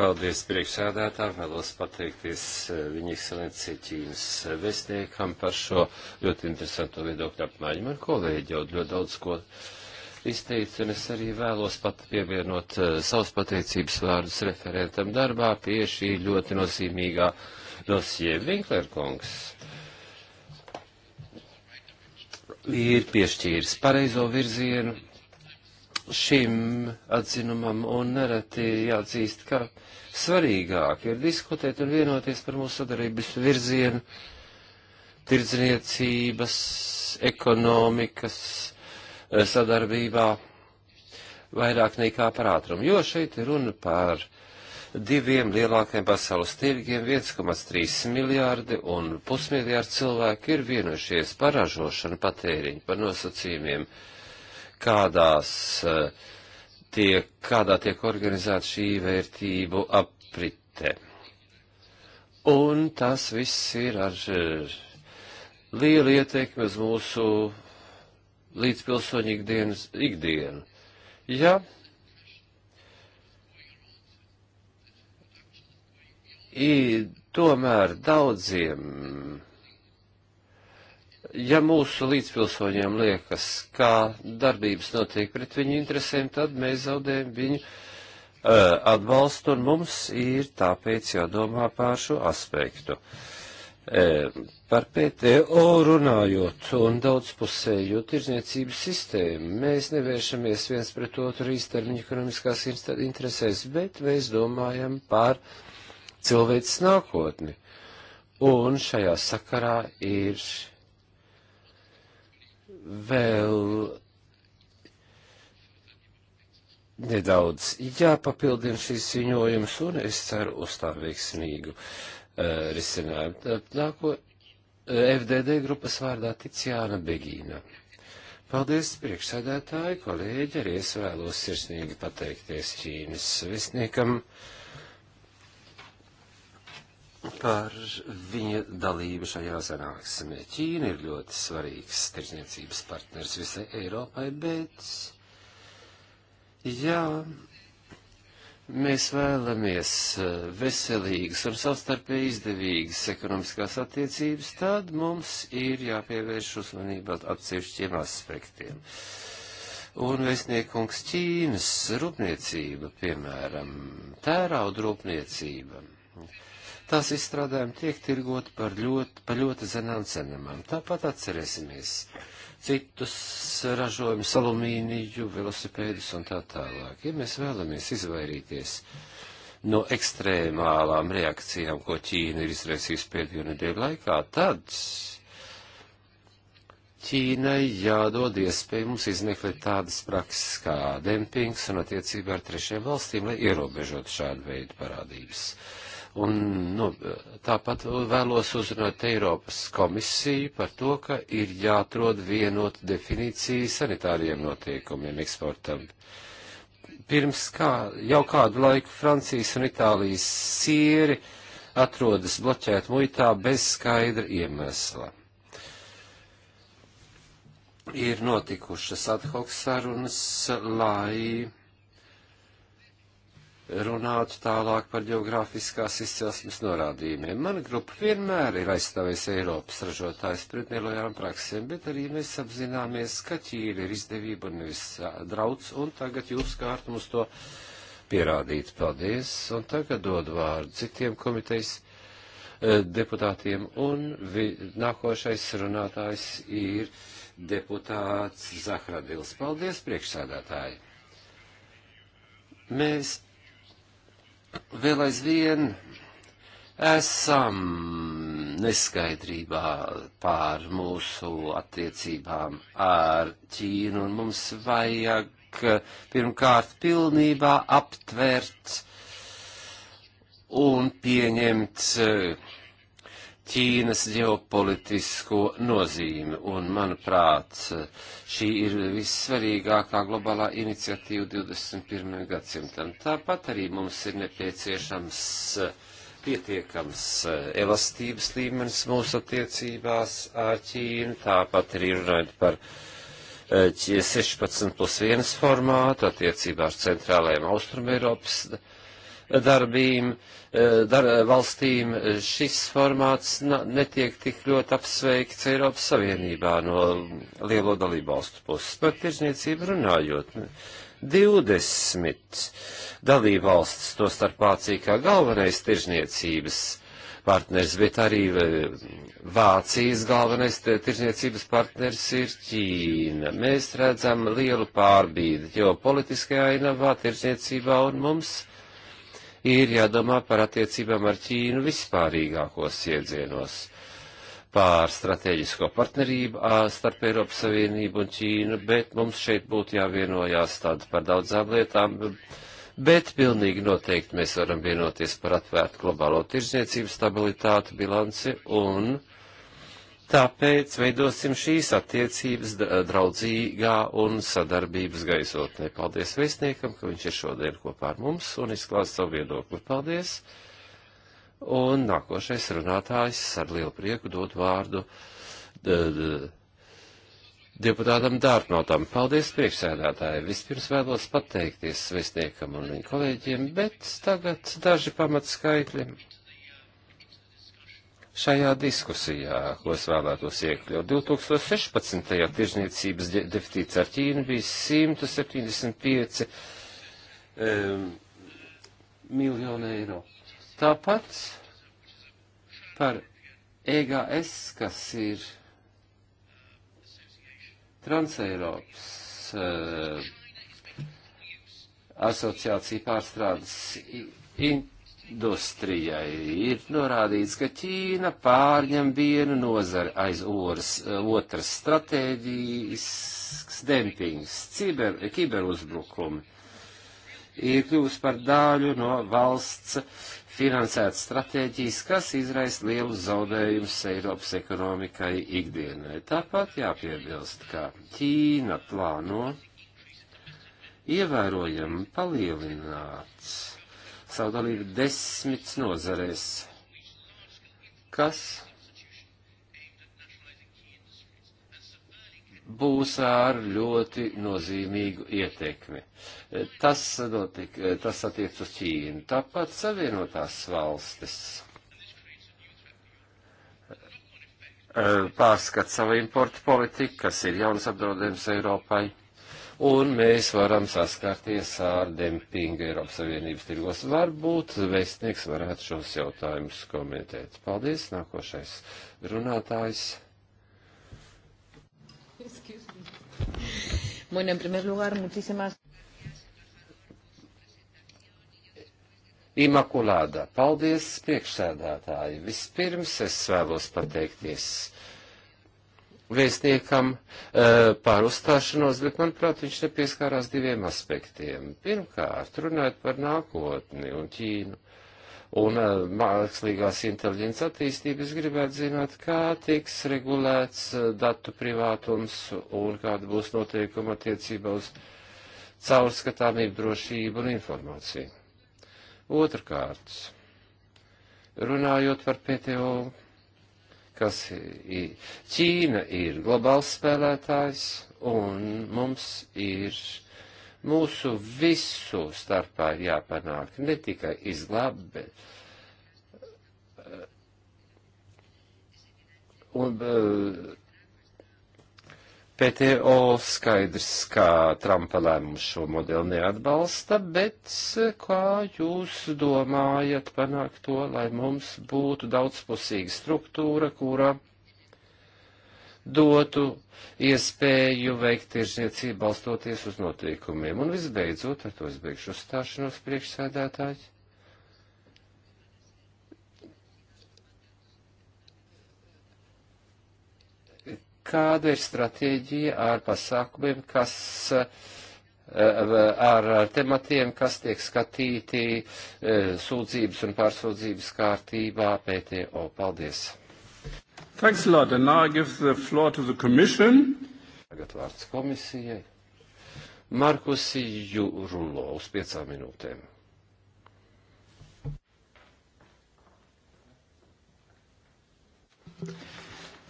Paldies priekšsēdētājiem, vēlos pateikties eh, viņa ekscelencija Ķīnas vēstniekam par šo ļoti interesanto viedokļu apmaiņu. Man kolēģi jau ļoti daudz ko. Uh, izteica, un es arī vēlos pat pievienot uh, eh, savus pateicības vārdus referentam darbā pie šī ļoti nozīmīgā dosie Vinklerkungs. Ir piešķīris pareizo virzienu šim atzinumam, un nereti jāatzīst, ka svarīgāk ir diskutēt un vienoties par mūsu sadarbības virzienu, tirdzniecības, ekonomikas, sadarbībā vairāk nekā par ātrumu, jo šeit ir runa par diviem lielākiem pasaules tirgiem, 1,3 miljārdi un pusmiljārdi cilvēki ir vienojušies par ražošanu patēriņu, par nosacījumiem, kādās eh, tiek, kādā tiek organizēta šī vērtību aprite. Un tas viss ir ar eh, lielu ietekmi uz mūsu līdz pilsoņu ikdienas ikdienu. Ja I, tomēr daudziem, ja mūsu līdzpilsoņiem liekas, kā darbības notiek pret viņu interesēm, tad mēs zaudējam viņu uh, atbalstu, un mums ir tāpēc jādomā pār šo aspektu. Uh, Par PTO runājot un daudzpusēju tirzniecības sistēmu, mēs nevēršamies viens pret otru īstermiņa ekonomiskās interesēs, bet mēs domājam par cilvēks nākotni. Un šajā sakarā ir vēl nedaudz jāpapildina šīs ziņojums, un es ceru uz tā veiksmīgu Uh, risinājumu. Nāko uh, FDD grupas vārdā Ticiāna Begīna. Paldies, priekšsēdētāji, kolēģi, arī es vēlos sirsnīgi pateikties Ķīnas visniekam par viņa dalību šajā sanāksmē. Ķīna ir ļoti svarīgs tirzniecības partners visai Eiropai, bet, jā, ja Mēs vēlamies eh, veselīgas un savstarpēji izdevīgas ekonomiskās attiecības, tad mums ir jāpievērš uzmanība atsevišķiem aspektiem. Un vēstniekungs Ķīnas rūpniecība, piemēram, tērauda rūpniecība. Tās izstrādājumi tiek tirgoti par ļoti, par ļoti zenām cenām. Tāpat atcerēsimies citus ražojumus, alumīniju, velosipēdus un tā tālāk. Ja mēs vēlamies izvairīties no ekstrēmālām reakcijām, ko Ķīna ir izraisījusi pēdējo nedēļu laikā, tad Ķīnai jādod iespēju mums izmeklēt tādas prakses kā dempings un attiecībā ar trešiem valstīm, lai ierobežotu šādu veidu parādības. Uh, Un nu, tāpat vēlos uzrunāt Eiropas komisiju par to, ka ir jāatrod vienot definīciju sanitāriem noteikumiem eksportam. Pirms kā, jau kādu laiku Francijas un Itālijas sieri atrodas bloķēt muitā bez skaidra iemesla. Ir notikušas ad hoc sarunas, lai runātu tālāk par geogrāfiskās izcelsmes norādījumiem. Mana grupa vienmēr ir aizstāvējusi Eiropas ražotājs pret nelojām praksēm, bet arī mēs apzināmies, ka ķīri ir izdevība un nevis drauds, un tagad jūs kārt mums to pierādīt. Paldies, un tagad dod vārdu citiem komitejas deputātiem, un vi, nākošais runātājs ir deputāts Zahradils. Paldies, priekšsēdētāji! Mēs vēl aizvien esam neskaidrībā pār mūsu attiecībām ar Ķīnu, un mums vajag pirmkārt pilnībā aptvert un pieņemt uh, Ķīnas ģeopolitisko nozīmi, un, manuprāt, šī ir vissvarīgākā globālā iniciatīva 21. gadsimtam. Tāpat arī mums ir nepieciešams pietiekams eh, elastības līmenis mūsu attiecībās ar Ķīnu, tāpat arī runājot par 16 eh, plus 1 formātu attiecībā ar centrālajiem Austrumēropas Eiropas darbīm, eh, dar, valstīm eh, šis formāts netiek tik ļoti apsveikts Eiropas Savienībā no lielo dalību valstu puses. Par tirzniecību runājot. 20 dalību valsts, to starp Vācija kā galvenais tirzniecības partners, bet arī eh, Vācijas galvenais tirzniecības partners ir Ķīna. Mēs redzam lielu pārbīdi ģeopolitiskajā ainavā, tirzniecībā, un mums ir jādomā par attiecībām ar Ķīnu vispārīgākos iedzienos pār strateģisko partnerību starp Eiropas Savienību un Ķīnu, bet mums šeit būtu jāvienojās tāda par daudzām lietām, bet pilnīgi noteikti mēs varam vienoties par atvērtu globālo tirzniecību stabilitāti, bilanci un Tāpēc veidosim šīs attiecības draudzīgā un sadarbības gaisotnē. Paldies vēstniekam, ka viņš ir šodien kopā ar mums un izklāst savu viedokli. Paldies! Un nākošais runātājs ar lielu prieku dod vārdu deputātam Dārknotam. Paldies priekšsēdētāji. Vispirms vēlos pateikties vēstniekam un viņa kolēģiem, bet tagad daži pamatskaitļi šajā diskusijā, ko es vēlētos iekļaut. 2016. tirzniecības deficīts ar Ķīnu bija 175 um, miljonu eiro. Tāpat par EGS, kas ir Transeiropas uh, asociācija pārstrādes in, industrijai ir norādīts, ka Ķīna pārņem vienu nozari aiz oras, otras stratēģijas, dempings, ciber, kiberuzbrukumi ir kļuvusi par daļu no valsts finansētas stratēģijas, kas izraisa lielus zaudējumus Eiropas ekonomikai ikdienai. Tāpat jāpiebilst, ka Ķīna plāno ievērojami palielināt savu dalību desmit nozarēs, kas būs ar ļoti nozīmīgu ietekmi. Tas, notik, tas attiec uz Ķīnu. Tāpat Savienotās valstis eh, pārskat savu importu politiku, kas ir jaunas apdraudējums Eiropai un mēs varam saskarties ar dempingu Eiropas Savienības tirgos. Varbūt vēstnieks varētu šos jautājumus komentēt. Paldies, nākošais runātājs. Bueno, en primer lugar, muchísimas Imakulāda, paldies priekšsēdētāji. Vispirms es vēlos pateikties uh, vēstniekam eh, par uzstāšanos, bet, manuprāt, viņš nepieskārās diviem aspektiem. Pirmkārt, runājot par nākotni un Ķīnu un eh, mākslīgās inteliģences attīstību, es gribētu zināt, kā tiks regulēts eh, datu privātums un kāda būs noteikuma attiecībā uz caurskatāmību, drošību un informāciju. Otrkārt, runājot par PTO kas ir Ķīna ir globāls spēlētājs un mums ir mūsu visu starpā jāpanāk ne tikai izglābt, bet. Eh, un, uh, PTO skaidrs, ka Trumpa lēmums šo modeli neatbalsta, bet eh, kā jūs domājat panākt to, lai mums būtu daudzpusīga struktūra, kura dotu iespēju veikt tirzniecību balstoties uz noteikumiem. Un visbeidzot, ar to es beigšu uzstāšanos priekšsēdētāji. kāda ir stratēģija ar pasākumiem, kas eh, ar tematiem, kas tiek skatīti eh, sūdzības un pārsūdzības kārtībā PTO. Paldies! Thanks a lot. And now I give the floor to the Commission. Tagad vārds komisijai. Markus Jurulo uz piecām minūtēm.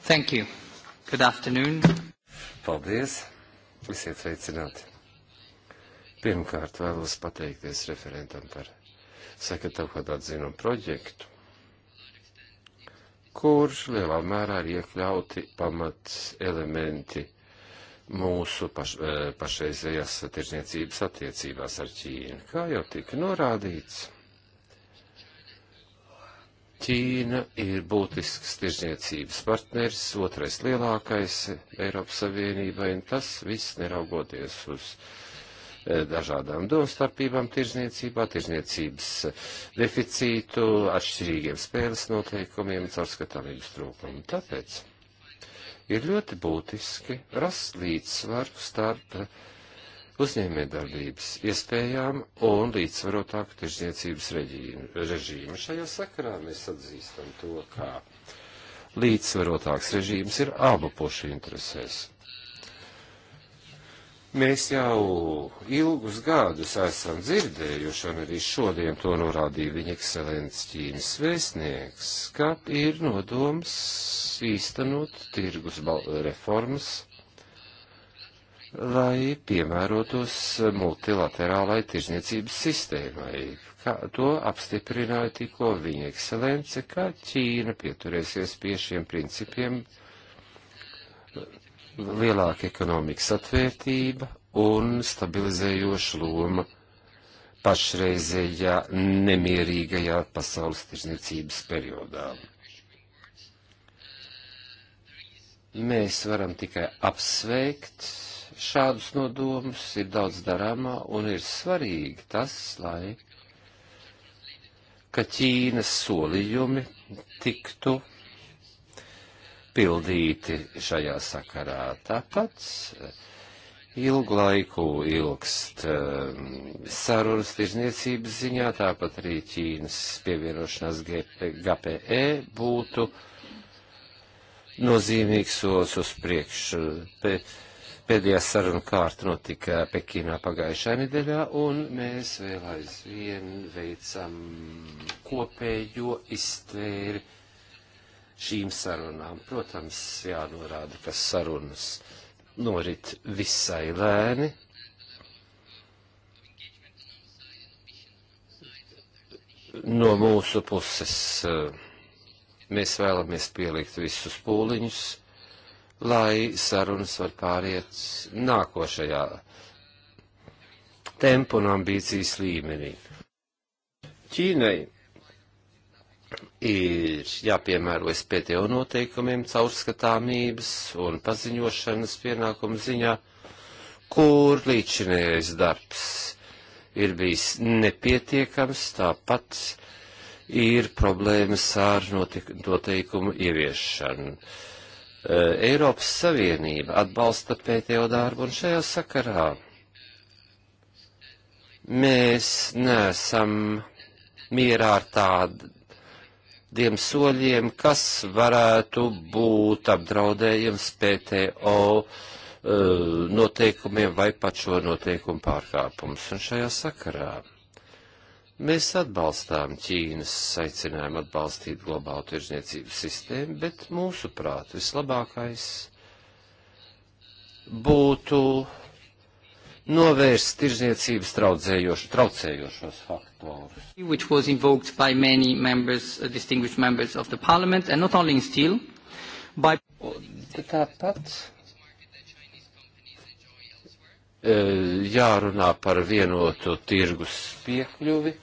Thank you. Good afternoon. Paldies. Visiet sveicināti. Pirmkārt vēlos pateikties referentam par sagatavot atzinu projektu, kurš lielā mērā ir iekļauti pamats elementi mūsu paš, eh, pašreizējās tirzniecības attiecībās ar Ķīnu, kā jau tika norādīts. Ķīna ir būtisks tirzniecības partners, otrais lielākais Eiropas Savienībai, un tas viss neraugoties uz eh, dažādām domstarpībām tirzniecībā, tirzniecības eh, deficītu, atšķirīgiem spēles noteikumiem, caurskatāmības trūkumu. Tāpēc ir ļoti būtiski rast līdzsvaru starp uh, uzņēmējdarbības iespējām un līdzsvarotāku tirzniecības režīmu. Šajā sakarā mēs atzīstam to, ka līdzsvarotāks režīms ir abu pušu interesēs. Mēs jau ilgus gadus esam dzirdējuši, un arī šodien to norādīja viņa ekscelences Ķīnas vēstnieks, ka ir nodoms īstenot tirgus reformas lai piemērotos multilaterālai tirzniecības sistēmai. Kā to apstiprināja tikko viņa ekscelence, ka Ķīna pieturēsies pie šiem principiem lielāka ekonomikas atvērtība un stabilizējoša loma pašreizējā nemierīgajā pasaules tirzniecības periodā. Mēs varam tikai apsveikt šādus nodomus, ir daudz darāmā un ir svarīgi tas, lai ka Ķīnas solījumi tiktu pildīti šajā sakarā. Tāpat ilgu laiku ilgst um, sarunas tirzniecības ziņā, tāpat arī Ķīnas pievienošanās GPE būtu nozīmīgs solis uz priekšu. Pēdējā saruna kārta notika Pekinā pagājušā nedēļā, un mēs vēl aizvien veicam kopējo iztvēri šīm sarunām. Protams, jānorāda, ka sarunas norit visai lēni, no mūsu puses eh, mēs vēlamies pielikt visus pūliņus, lai sarunas var pāriet nākošajā tempu un ambīcijas līmenī. Ķīnai ir jāpiemērojas pēdējo noteikumiem caurskatāmības un paziņošanas pienākumu ziņā, kur līdzinējais darbs ir bijis nepietiekams, tāpat ir problēmas ar noteikumu ieviešanu. Uh, Eh, Eiropas Savienība atbalsta pētējo darbu un šajā sakarā mēs nesam mierā ar tādiem soļiem, kas varētu būt apdraudējams PTO eh, noteikumiem vai pat šo noteikumu pārkāpums. Un šajā sakarā Mēs atbalstām Ķīnas aicinājumu atbalstīt globālu tirzniecības sistēmu, bet mūsuprāt vislabākais būtu novērst tirzniecības traucējošos faktorus. Which was invoked by many members, uh, distinguished members of the parliament, and not only in steel, by... Tāpat uh, jārunā par vienotu tirgus piekļuvi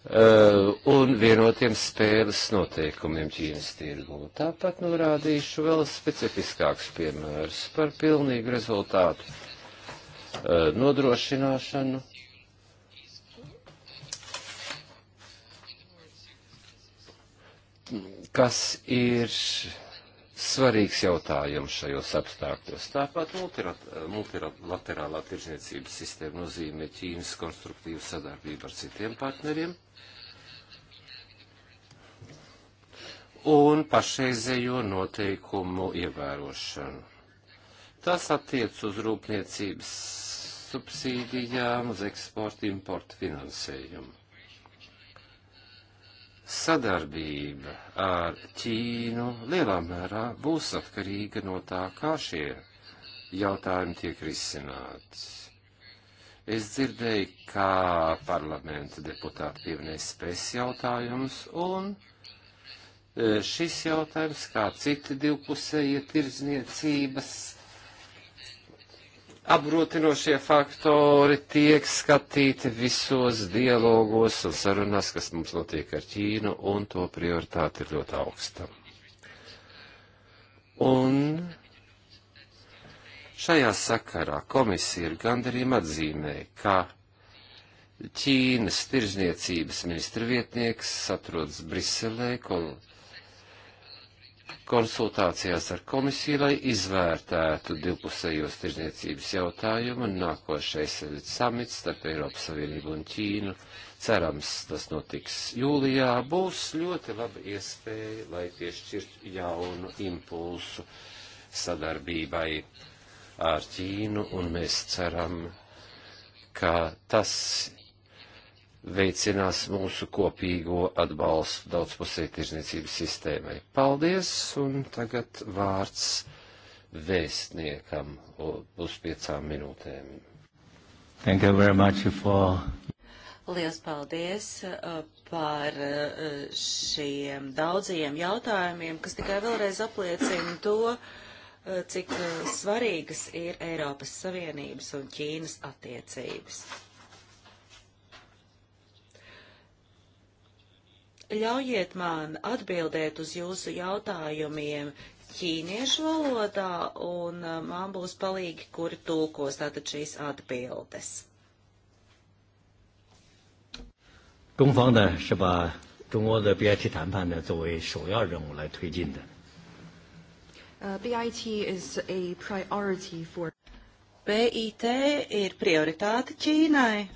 Uh, un vienotiem spēles noteikumiem Ķīnas tirgu. Tāpat norādīšu vēl specifiskāks piemērs par pilnīgu rezultātu uh, nodrošināšanu. kas ir svarīgs jautājums šajos apstākļos. Tāpat multilaterālā tirzniecības sistēma nozīmē Ķīnas konstruktīvu sadarbību ar citiem partneriem un pašreizējo noteikumu ievērošanu. Tas attiec uz rūpniecības subsīdijām, uz eksportu importu finansējumu. Sadarbība ar Ķīnu lielā mērā būs atkarīga no tā, kā šie jautājumi tiek risināti. Es dzirdēju, kā parlamenta deputāti pieminēja spēs jautājumus un E, šis jautājums, kā citi divpusēja tirdzniecības apgrūtinošie faktori tiek skatīti visos dialogos un sarunās, kas mums notiek ar Ķīnu, un to prioritāte ir ļoti augsta. Un šajā sakarā komisija ir gandarījuma atzīmē, ka Ķīnas tirzniecības ministra vietnieks atrodas Briselē, kol konsultācijās ar komisiju, lai izvērtētu divpusējos tirzniecības jautājumu un nākošais samits starp Eiropas Savienību un Ķīnu. Cerams, tas notiks jūlijā. Būs ļoti laba iespēja, lai piešķirt jaunu impulsu sadarbībai ar Ķīnu, un mēs ceram, ka tas veicinās mūsu kopīgo atbalstu daudzpusēji tirzniecības sistēmai. Paldies, un tagad vārds vēstniekam uz piecām minūtēm. Thank you very much for Liels paldies uh, par uh, šiem daudzajiem jautājumiem, kas tikai vēlreiz apliecina to, uh, cik svarīgas ir Eiropas Savienības un Ķīnas attiecības. Ļaujiet man atbildēt uz jūsu jautājumiem ķīniešu valodā, un uh, man būs palīgi, kuri tulkos tātad šīs atbildes. 中方呢是把中国的 BIT 谈判呢作为首要任务来推进的。Uh, BIT is a priority for BIT 是 prioritāte Ķīnai.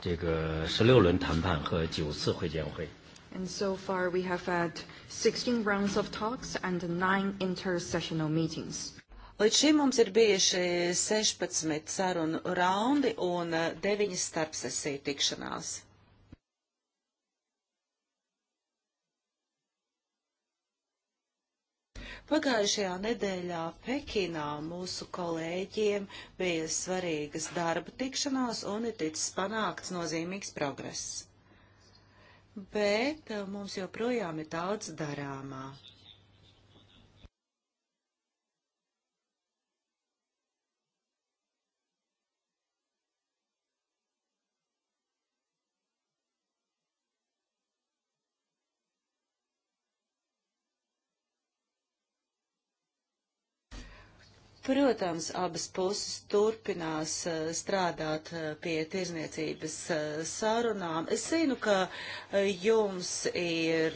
这个十六轮谈判和九次会见会。And so far, we have had 16 rounds of talks and 9 intersessional meetings. Līdz šim mums ir bijuši 16 sarunu raundi un 9 eh, starpsesiju tikšanās. Pagājušajā nedēļā Pekinā mūsu kolēģiem bija svarīgas darba tikšanās un ir ticis panākts nozīmīgs progress bet uh, mums joprojām ir daudz darāmā. Protams, abas puses turpinās eh, strādāt eh, pie tirzniecības eh, sarunām. Es zinu, ka jums ir,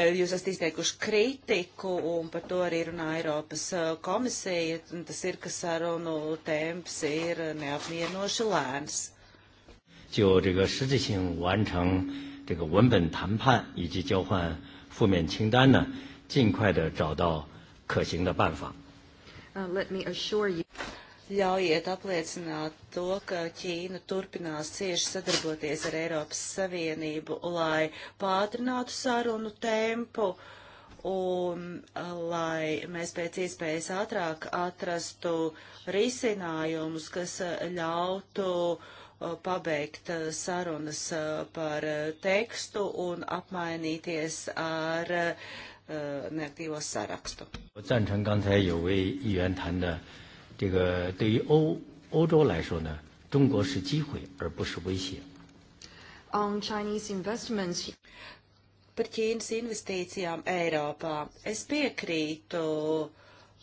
jūs esat izteikuši kritiku un par to arī runā Eiropas komisija. Tas ir, ka sarunu temps ir neapmienoši lēns. 就这个实质性完成这个文本谈判以及交换负面清单呢，尽快的找到可行的办法。Uh, Ļaujiet apliecināt to, ka Ķīna turpinās cieši sadarboties ar Eiropas Savienību, lai pātrinātu sarunu tempu un uh, lai mēs pēc iespējas ātrāk atrastu risinājumus, kas uh, ļautu uh, pabeigt sarunas par tekstu un apmainīties ar uh, 呃 negatīvo sarakstu. 这个对于欧欧洲来说呢，中国是机会而不是威胁。On Chinese investments. Par Ķīnas investīcijām Eiropā. Es piekrītu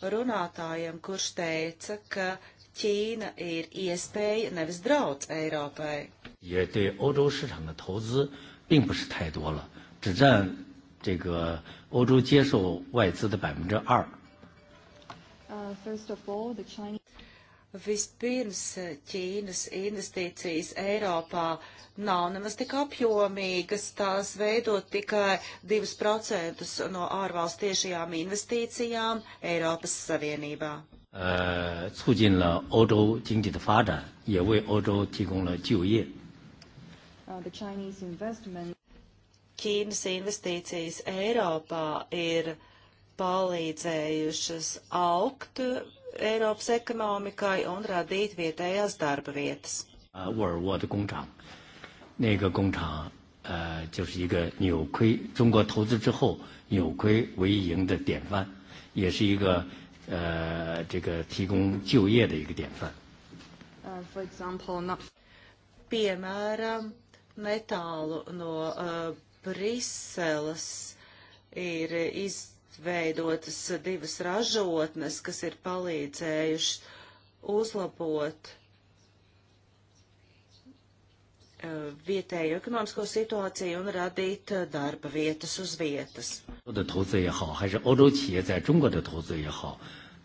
runātājiem, kurš teica, ka Ķīna ir iespēja, nevis draudz Eiropai. 也对欧洲市场的投资并不是太多了，只占这个欧洲接受外资的百分之二。Uh, first of all, the Chinese... Vispirms Ķīnas investīcijas Eiropā nav nemaz tik apjomīgas, tās veido tikai 2% no ārvalstu tiešajām investīcijām Eiropas Savienībā. Uh, 促进了欧洲经济的发展，也为欧洲提供了就业。Uh, the Chinese investment Ķīnas investīcijas Eiropā ir palīdzējušas augt Eiropas ekonomikai un radīt vietējās darba vietas. Uh, 沃尔沃的工厂，那个工厂呃，就是一个扭亏中国投资之后扭亏为盈的典范，也是一个呃这个提供就业的一个典范。Uh, for example, not... Piemēram, netālu no uh, Briseles ir izveidotas divas ražotnes, kas ir palīdzējuši uzlabot e, vietēju ekonomisko situāciju un radīt e, darba vietas uz vietas.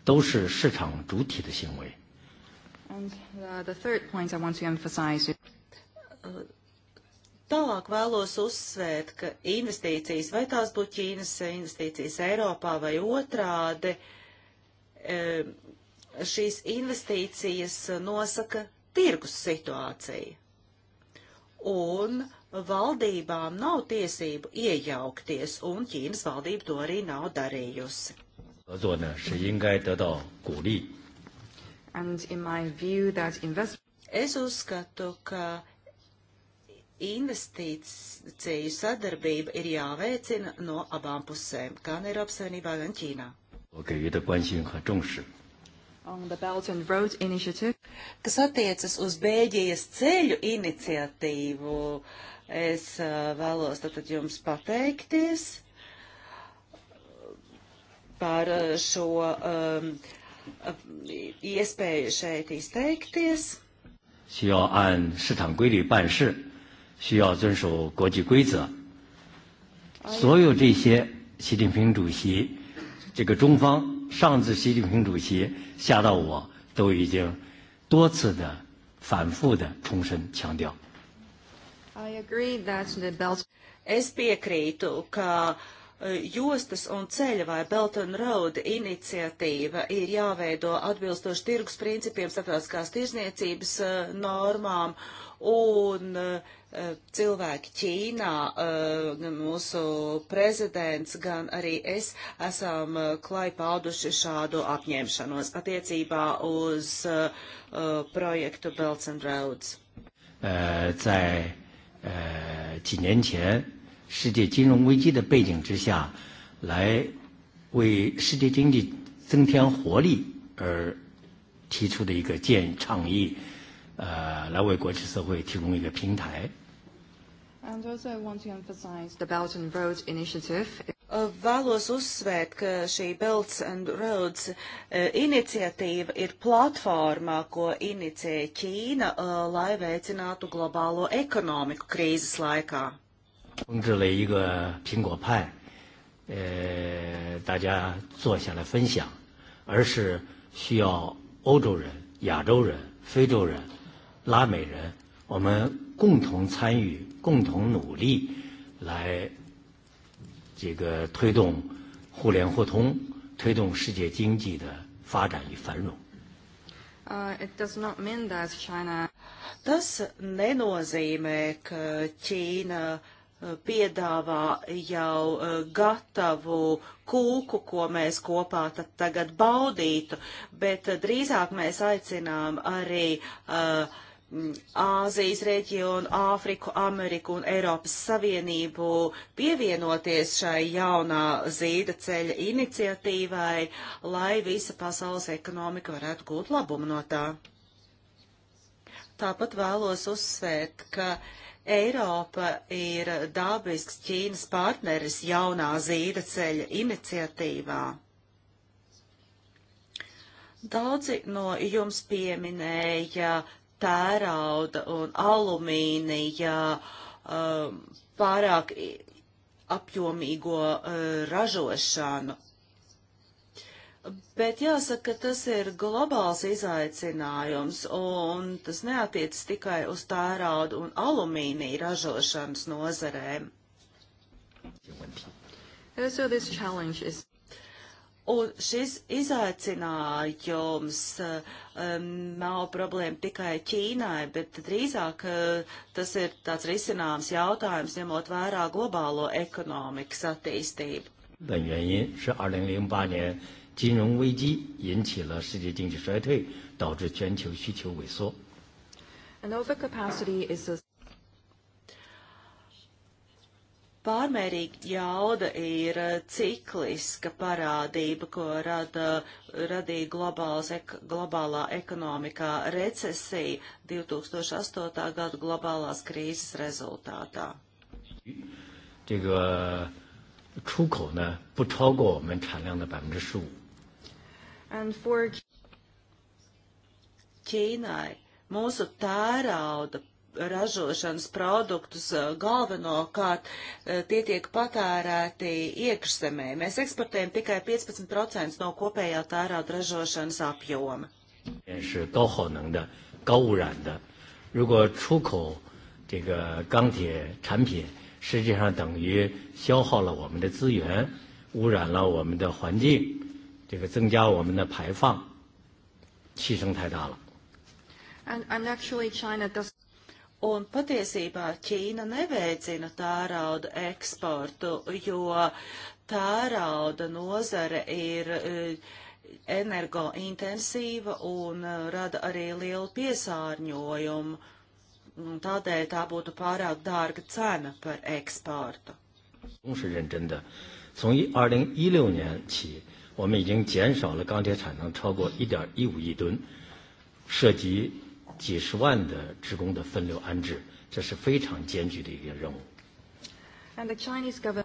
都是市场主体的行为。And uh, the third point I want to emphasize is uh, Tālāk vēlos uzsvērt, ka investīcijas, vai tās būtu Ķīnas investīcijas Eiropā vai otrādi, šīs investīcijas nosaka tirgus situācija. Un valdībām nav tiesību iejaukties, un Ķīnas valdība to arī nav darījusi. 合作呢是应该得到鼓励。And in my view that investment... Es uzskatu, ka investīciju sadarbība ir jāveicina no abām pusēm, gan Eiropas Savienībā, gan Ķīnā. Kas attiecas uz Bēļģijas ceļu iniciatīvu, es vēlos tātad jums pateikties par šo um, iespēju šeit izteikties. 需要按市场规律办事。需要遵守国际规则。所有这些，习近平主席，这个中方上至习近平主席，下到我，都已经多次的、反复的重申强调。I agree that the belt. Es piekrītu, ka e, jostas un ceļa vai Belt and Road iniciatīva ir jāveido atbilstoši tirgus principiem, starptautiskās tirzniecības e, normām un uh, cilvēki Ķīnā, eh, gan mūsu prezidents, gan arī es esam eh, klai pauduši šādu apņemšanos attiecībā uz uh, projektu Belts and Roads. Uh, 在呃几年前世界金融危机的背景之下，来为世界经济增添活力而提出的一个建倡议。Uh, 呃来为国际社会提供一个平台。And also I want to emphasize the Belt and Road Initiative. Uh, vēlos uzsvērt, ka šī Belts and Roads uh, iniciatīva ir platformā, ko inicē Ķīna, uh, lai veicinātu globālo ekonomiku krīzes laikā. 通知了一个苹果派，呃，大家坐下来分享，而是需要欧洲人、亚洲人、非洲人拉美人，我们共同参与、共同努力，来这个推动互联互通，推动世界经济的发展与繁荣。Uh, it does not mean that China... Tas nenozīmē, ka Ķīna uh, piedāvā jau uh, gatavu kūku, ko mēs kopā tad tagad baudītu, bet uh, drīzāk mēs aicinām arī uh, Mm, Āzijas reģionu, Āfriku, Ameriku un Eiropas Savienību pievienoties šai jaunā zīda ceļa iniciatīvai, lai visa pasaules ekonomika varētu gūt labumu no tā. Tāpat vēlos uzsvērt, ka Eiropa ir dabisks Ķīnas partneris jaunā zīda ceļa iniciatīvā. Daudzi no jums pieminēja tērauda un alumīnija um, pārāk apjomīgo uh, ražošanu. Bet jāsaka, ka tas ir globāls izaicinājums, un tas neatiecas tikai uz tērauda un alumīnija ražošanas nozarēm. So is... Un šis izaicinājums um, nav problēma tikai Ķīnai, bet drīzāk uh, tas ir tāds risināms jautājums, ņemot vērā globālo ekonomikas attīstību. 本原因是2008年金融危机引起了世界经济衰退，导致全球需求萎缩。And overcapacity is a Pārmērīga jauda ir eh, cikliska parādība, ko rada, radīja globāls, ek, globālā ekonomikā recesija 2008. gada globālās krīzes rezultātā. 这个出口呢不超过我们产量的百分之十五。And for Ķīnai mūsu tērauda ražošanas produktus galvenokārt tie tiek patērēti iekšzemē. Mēs eksportējam tikai 15% no kopējā tērauda ražošanas apjoma. 是高耗能的、高污染的。如果出口这个钢铁产品，实际上等于消耗了我们的资源，污染了我们的环境，这个增加我们的排放，牺牲太大了。And, and actually China does Un patiesībā Ķīna neveicina tērauda eksportu, jo tērauda nozare ir energointensīva un rada arī lielu piesārņojumu. Tādēļ tā būtu pārāk dārga cena par eksportu. 是认真的。从二零一六年起，我们已经减少了钢铁产能超过一点一五亿吨，涉及几十万的职工的分流安置，这是非常艰巨的一个任务。And the Chinese government.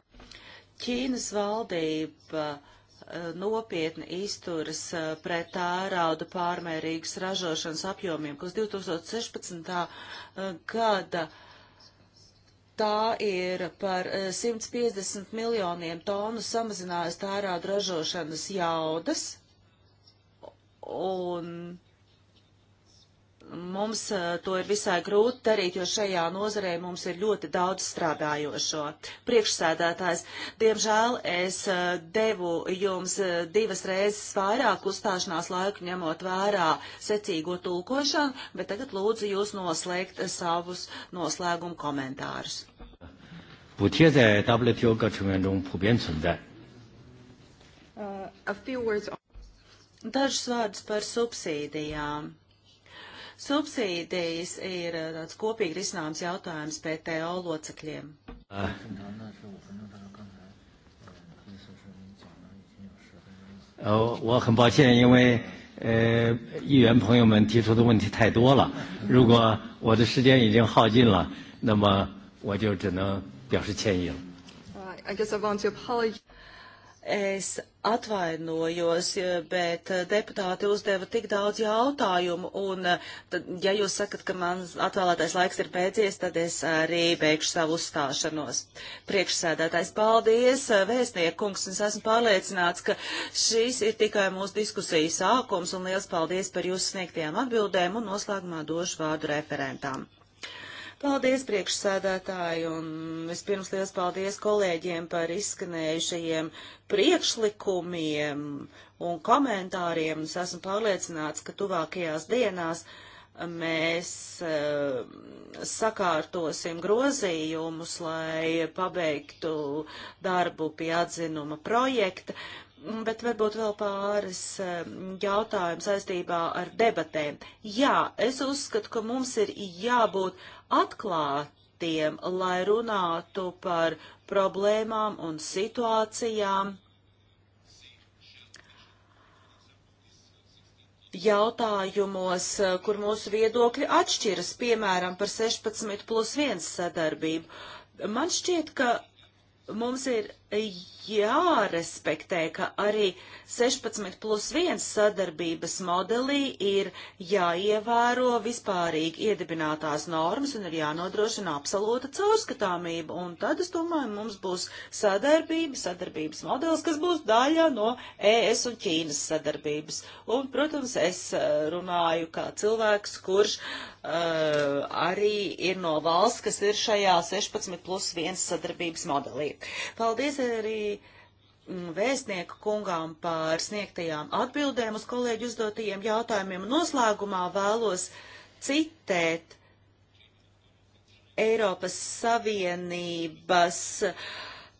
Ķīnas valdība uh, nopietni izturas uh, pret ārauda pārmērīgas ražošanas apjomiem, kas 2016. Uh, gada tā ir par 150 miljoniem tonu samazinājusi tērauda ražošanas jaudas. Un mums eh, to ir visai grūti darīt, jo šajā nozarē mums ir ļoti daudz strādājošo. Priekšsēdētājs, diemžēl es eh, devu jums eh, divas reizes vairāk uzstāšanās laiku ņemot vērā secīgo tulkošanu, bet tagad lūdzu jūs noslēgt savus noslēgumu komentārus. 补贴在 WTO 各成员中普遍存在。Uh, Dažus vārdus par subsīdijām. Subsīdijas ir uh, tāds kopīgi risināms jautājums PTO locekļiem. Uh. Uh, 我很抱歉，因为呃，议员朋友们提出的问题太多了。如果我的时间已经耗尽了，那么我就只能表示歉意了。I guess I want to apologize. Es atvainojos, bet eh, deputāti uzdeva tik daudz jautājumu, un eh, tad, ja jūs sakat, ka man atvēlētais laiks ir beidzies, tad es arī beigšu savu uzstāšanos. Priekšsēdētājs, paldies, eh, vēstniekungs, un es esmu pārliecināts, ka šīs ir tikai mūsu diskusijas sākums, un liels paldies par jūsu sniegtajām atbildēm, un noslēgumā došu vārdu referentām. Paldies priekšsēdētāji un vispirms liels paldies kolēģiem par izskanējušajiem priekšlikumiem un komentāriem. Es esmu pārliecināts, ka tuvākajās dienās mēs uh, sakārtosim grozījumus, lai pabeigtu darbu pie atzinuma projekta. Bet varbūt vēl pāris eh, jautājumu saistībā ar debatēm. Jā, es uzskatu, ka mums ir jābūt atklātiem, lai runātu par problēmām un situācijām. jautājumos, kur mūsu viedokļi atšķiras, piemēram, par 16 plus 1 sadarbību. Man šķiet, ka mums ir jārespektē, ka arī 16 plus 1 sadarbības modelī ir jāievēro vispārīgi iedibinātās normas un ir jānodrošina absolūta caurskatāmība. Un tad, es domāju, mums būs sadarbība, sadarbības modelis, kas būs daļa no ES un Ķīnas sadarbības. Un, protams, es eh, runāju kā cilvēks, kurš uh, arī ir no valsts, kas ir šajā 16 plus 1 sadarbības modelī. Paldies! arī mm, vēstnieku kungām par sniegtajām atbildēm uz kolēģu uzdotajiem jautājumiem. Noslēgumā vēlos citēt Eiropas Savienības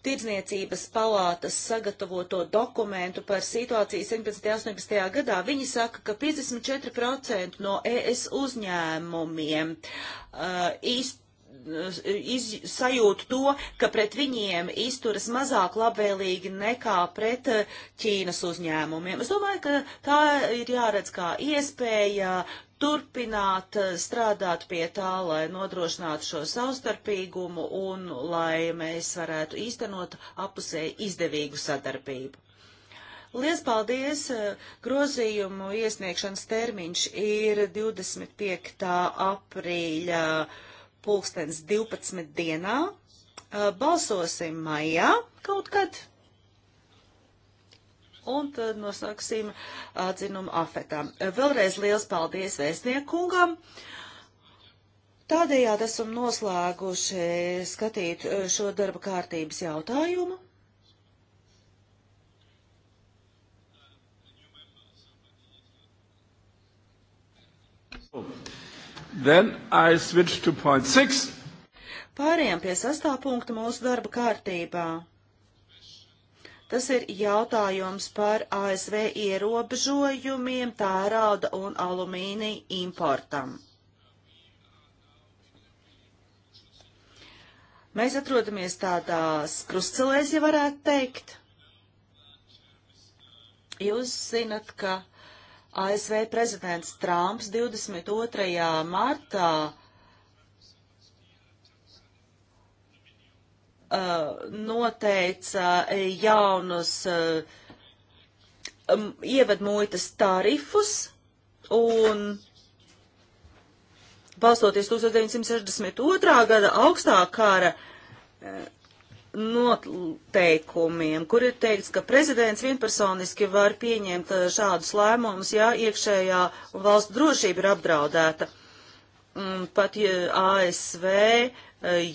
Tirdzniecības palātas sagatavoto dokumentu par situāciju 17. un 18. gadā. Viņi saka, ka 54% no ES uzņēmumiem uh, īst iz, sajūt to, ka pret viņiem izturas mazāk labvēlīgi nekā pret eh, Ķīnas uzņēmumiem. Es domāju, ka tā ir jāredz kā iespēja turpināt eh, strādāt pie tā, lai nodrošinātu šo savstarpīgumu un lai mēs varētu īstenot apusēji izdevīgu sadarbību. Lies paldies! Eh, grozījumu iesniegšanas termiņš ir 25. aprīļa pulkstens 12 dienā. Uh, balsosim maijā kaut kad. Un tad nosāksim atzinumu uh, afetām. Uh, vēlreiz liels paldies vēstniekungam. Tādējādi esam noslēguši skatīt šo darba kārtības jautājumu. Oh. Then I switch to point six. Pārējām pie sastā punkta mūsu darba kārtībā. Tas ir jautājums par ASV ierobežojumiem tērauda un alumīnija importam. Mēs atrodamies tādās krustcelēs, ja varētu teikt. Jūs zinat, ka ASV prezidents Trumps 22. martā uh, noteica jaunus uh, ievadmuitas tarifus un balstoties 1962. gada augstā kara uh, noteikumiem, kur ir teikts, ka prezidents vienpersoniski var pieņemt eh, šādus lēmumus, ja iekšējā valsts drošība ir apdraudēta. Pat ja ASV eh,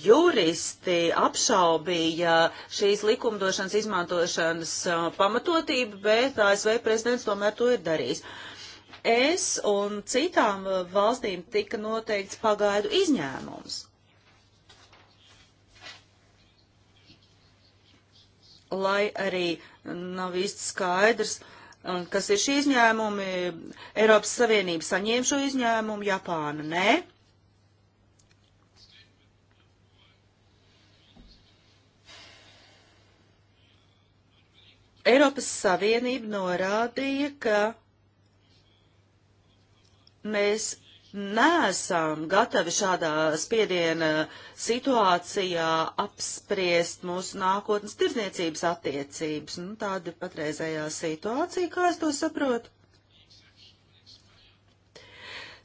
juristi apšaubīja šīs likumdošanas izmantošanas eh, pamatotību, bet ASV prezidents tomēr to ir darījis. Es un citām valstīm tika noteikts pagaidu izņēmums. lai arī nav īsti skaidrs, kas ir šī izņēmumi. Eiropas Savienība saņēma šo izņēmumu, Japāna nē. Eiropas Savienība norādīja, ka mēs neesam gatavi šādā spiediena situācijā apspriest mūsu nākotnes tirdzniecības attiecības. Nu, tāda ir patreizējā situācija, kā es to saprotu.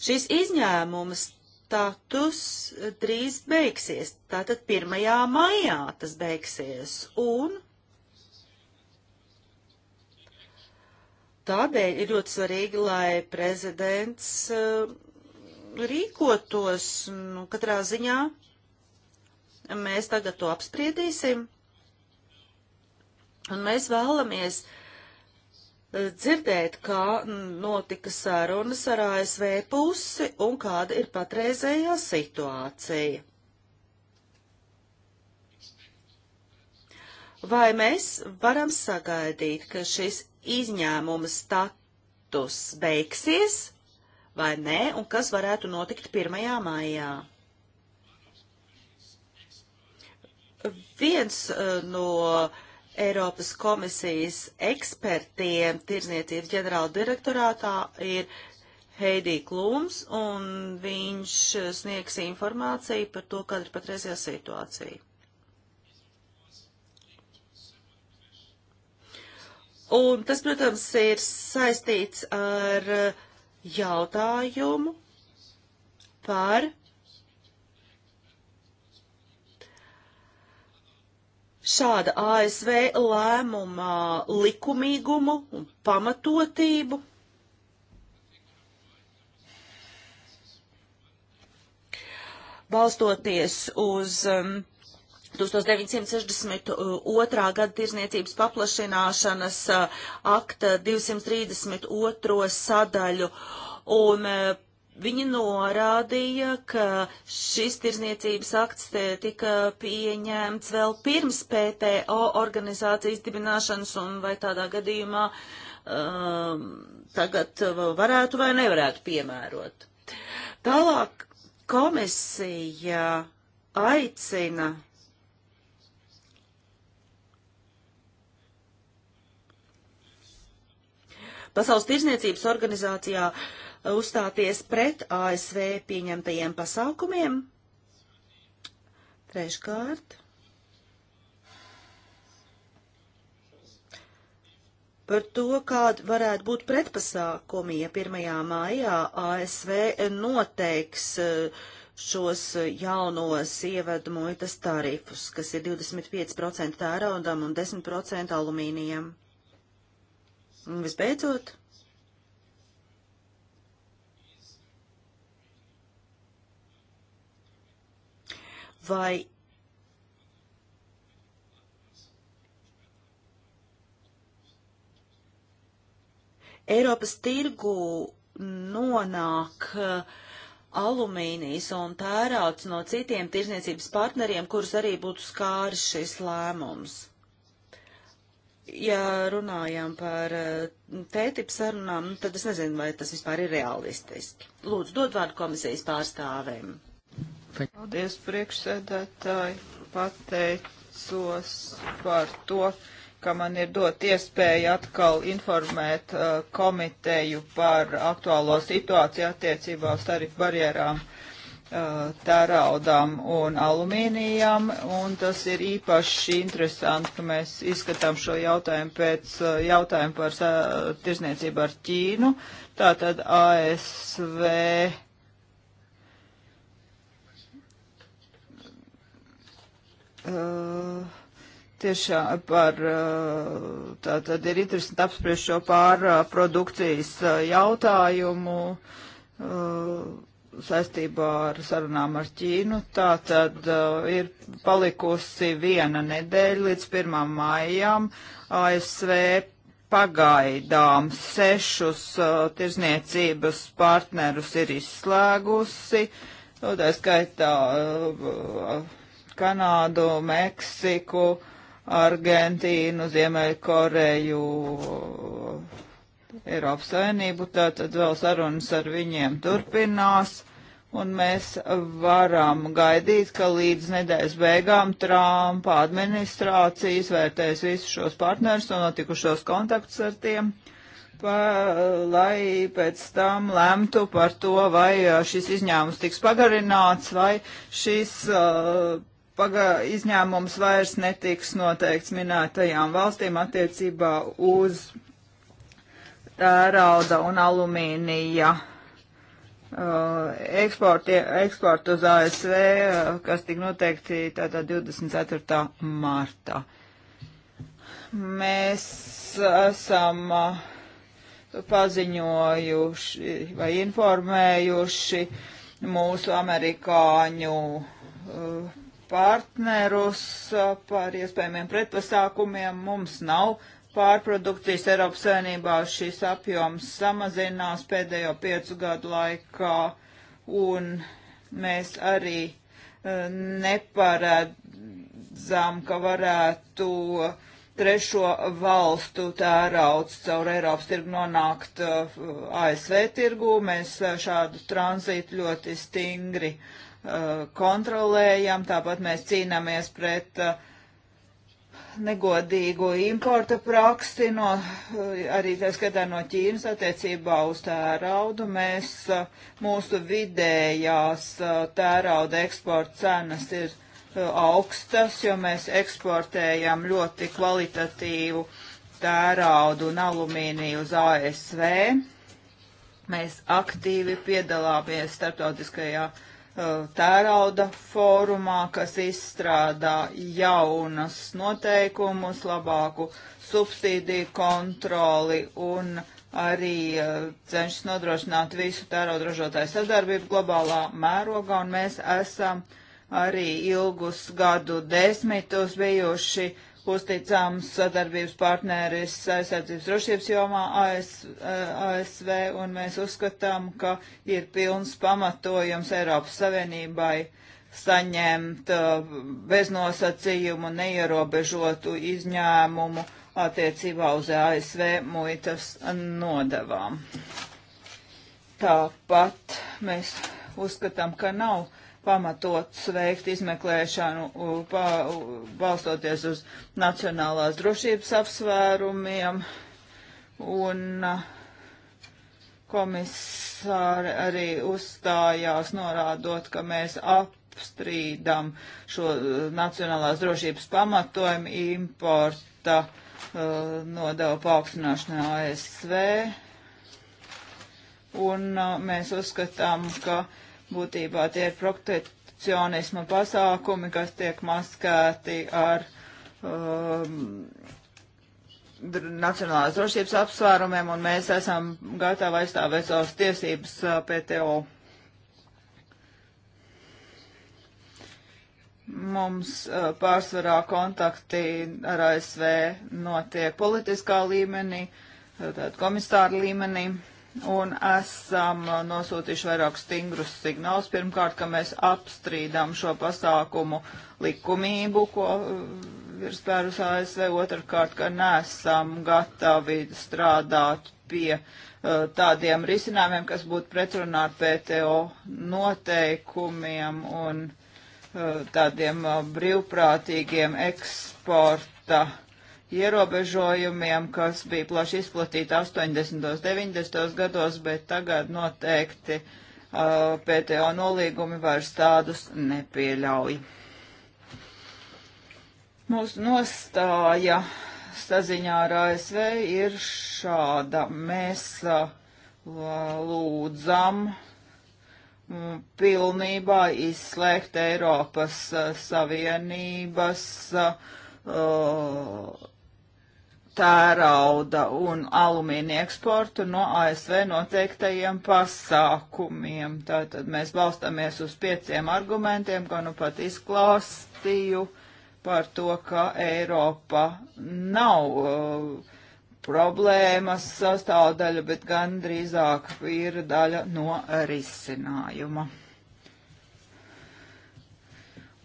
Šis izņēmuma status drīz beigsies, tātad 1. maijā tas beigsies, un Tādēļ ir ļoti svarīgi, lai prezidents uh, rīkotos. Nu, katrā ziņā mēs tagad to apspriedīsim. Un mēs vēlamies e, dzirdēt, kā notika sarunas ar ASV pusi un kāda ir patreizējā situācija. Vai mēs varam sagaidīt, ka šis izņēmuma status beigsies vai nē, un kas varētu notikt 1. maijā. Viens eh, no Eiropas komisijas ekspertiem tirzniecības ģenerāla direktorātā ir Heidī Klums, un viņš eh, sniegs informāciju par to, kāda ir patreizajā situācija. Un tas, protams, ir saistīts ar uh, jautājumu par šāda ASV lēmuma likumīgumu un pamatotību. Balstoties uz um, 1962. Uh, gada tirzniecības paplašināšanas uh, akta 232. sadaļu. Un uh, Viņi norādīja, ka šis tirzniecības akts tika pieņemts vēl pirms PTO organizācijas dibināšanas un vai tādā gadījumā um, tagad varētu vai nevarētu piemērot. Tālāk komisija aicina Pasaules tirzniecības organizācijā uh, uzstāties pret ASV pieņemtajiem pasākumiem. Treškārt. par to, kāda varētu būt pretpasākumi, ja 1. maijā ASV noteiks uh, šos uh, jaunos ievadu muitas tarifus, kas ir 25% tērauda un 10% alumīnijam. Un visbeidzot, vai Eiropas tirgu nonāk uh, alumīnijas un tērauts no citiem tirzniecības partneriem, kurus arī būtu skāris šis lēmums ja runājam par eh, tētipu sarunām, nu, tad es nezinu, vai tas vispār ir realistiski. Lūdzu, dod vārdu komisijas pārstāvēm. Paldies, priekšsēdētāji. Pateicos par to, ka man ir dot iespēju atkal informēt uh, komiteju par aktuālo situāciju attiecībā uz tarifu barjerām Eh, tēraudām un alumīnijam, un tas ir īpaši interesanti, ka mēs izskatām šo jautājumu pēc eh, jautājumu par eh, tirzniecību ar Ķīnu. Tātad ASV uh, tiešām par, tā tad ir interesanti apspriest šo pārprodukcijas jautājumu. Uh, saistībā ar sarunām ar Ķīnu. Tā tad uh, ir palikusi viena nedēļa līdz 1. maijam. ASV pagaidām sešus uh, tirzniecības partnerus ir izslēgusi, tā skaitā uh, Kanādu, Meksiku, Argentīnu, Ziemeļkoreju. Uh, Eiropas Savienību, tātad vēl sarunas ar viņiem turpinās, un mēs varam gaidīt, ka līdz nedēļas beigām Trumpa administrācijas vērtēs visus šos partnerus un notikušos kontaktus ar tiem, pa, lai pēc tam lemtu par to, vai uh, šis izņēmums tiks pagarināts, vai šis. Uh, paga, izņēmums vairs netiks noteikts minētajām valstīm attiecībā uz tērauda un alumīnija uh, eksporti, eksportu uz ASV, uh, kas tika noteikti tātad 24. martā. Mēs esam uh, paziņojuši vai informējuši mūsu amerikāņu partnerus par iespējamiem pretpasākumiem. Mums nav uh, pārprodukcijas Eiropas Savienībā šis apjoms samazinās pēdējo piecu gadu laikā, un mēs arī uh, neparedzam, ka varētu trešo valstu tērauds caur Eiropas tirgu nonākt uh, eh, ASV tirgu. Mēs uh, šādu tranzītu ļoti stingri kontrolējam, tāpat mēs cīnāmies pret uh, negodīgu importa praksi, no, arī tā skatā no Ķīnas attiecībā uz tēraudu. Mēs, mūsu vidējās tērauda eksporta cenas ir augstas, jo mēs eksportējam ļoti kvalitatīvu tēraudu un alumīniju uz ASV. Mēs aktīvi piedalāmies starptautiskajā uh, Uh, tērauda fórumā, kas izstrādā jaunas noteikumus, labāku subsīdiju kontroli un arī uh, cenšas nodrošināt visu tērauda ražotāju sadarbību globālā mērogā, un mēs esam arī ilgus gadu desmitus bijuši uh, uzticams sadarbības partneris aizsardzības drošības jomā AS, ASV, un mēs uzskatām, ka ir pilns pamatojums Eiropas Savienībai saņemt uh, beznosacījumu neierobežotu izņēmumu attiecībā uz ASV muitas nodevām. Tāpat mēs uzskatām, ka nav pamatots veikt izmeklēšanu pa, balstoties uz nacionālās drošības apsvērumiem. Un komisāri arī uzstājās norādot, ka mēs apstrīdam šo nacionālās drošības pamatojumu importa uh, nodevu paaugstināšanā ASV. Un uh, mēs uzskatām, ka uh, Būtībā tie ir protekcionisma pasākumi, kas tiek maskēti ar um, nacionālās drošības apsvērumiem, un mēs esam gatavi aizstāvēt savas tiesības uh, PTO. Mums uh, pārsvarā kontakti ar ASV notiek politiskā līmenī, uh, tātad komisāra līmenī un esam nosūtījuši vairākus stingrus signālus. Pirmkārt, ka mēs apstrīdam šo pasākumu likumību, ko uh, ir spērus ASV. Otrkārt, ka nesam gatavi strādāt pie uh, tādiem risinājumiem, kas būtu pretrunā ar PTO noteikumiem un uh, tādiem uh, brīvprātīgiem eksporta ierobežojumiem, kas bija plaši izplatīti 80. un 90. gados, bet tagad noteikti uh, PTO nolīgumi vairs tādus nepieļauj. Mūsu nostāja saziņā ar ASV ir šāda. Mēs uh, lūdzam mm, pilnībā izslēgt Eiropas uh, Savienības uh, tērauda un alumīna eksportu no ASV noteiktajiem pasākumiem. Tātad mēs balstamies uz pieciem argumentiem, ko nu pat izklāstīju par to, ka Eiropa nav uh, problēmas sastāvdaļa, bet gan drīzāk ir daļa no risinājuma.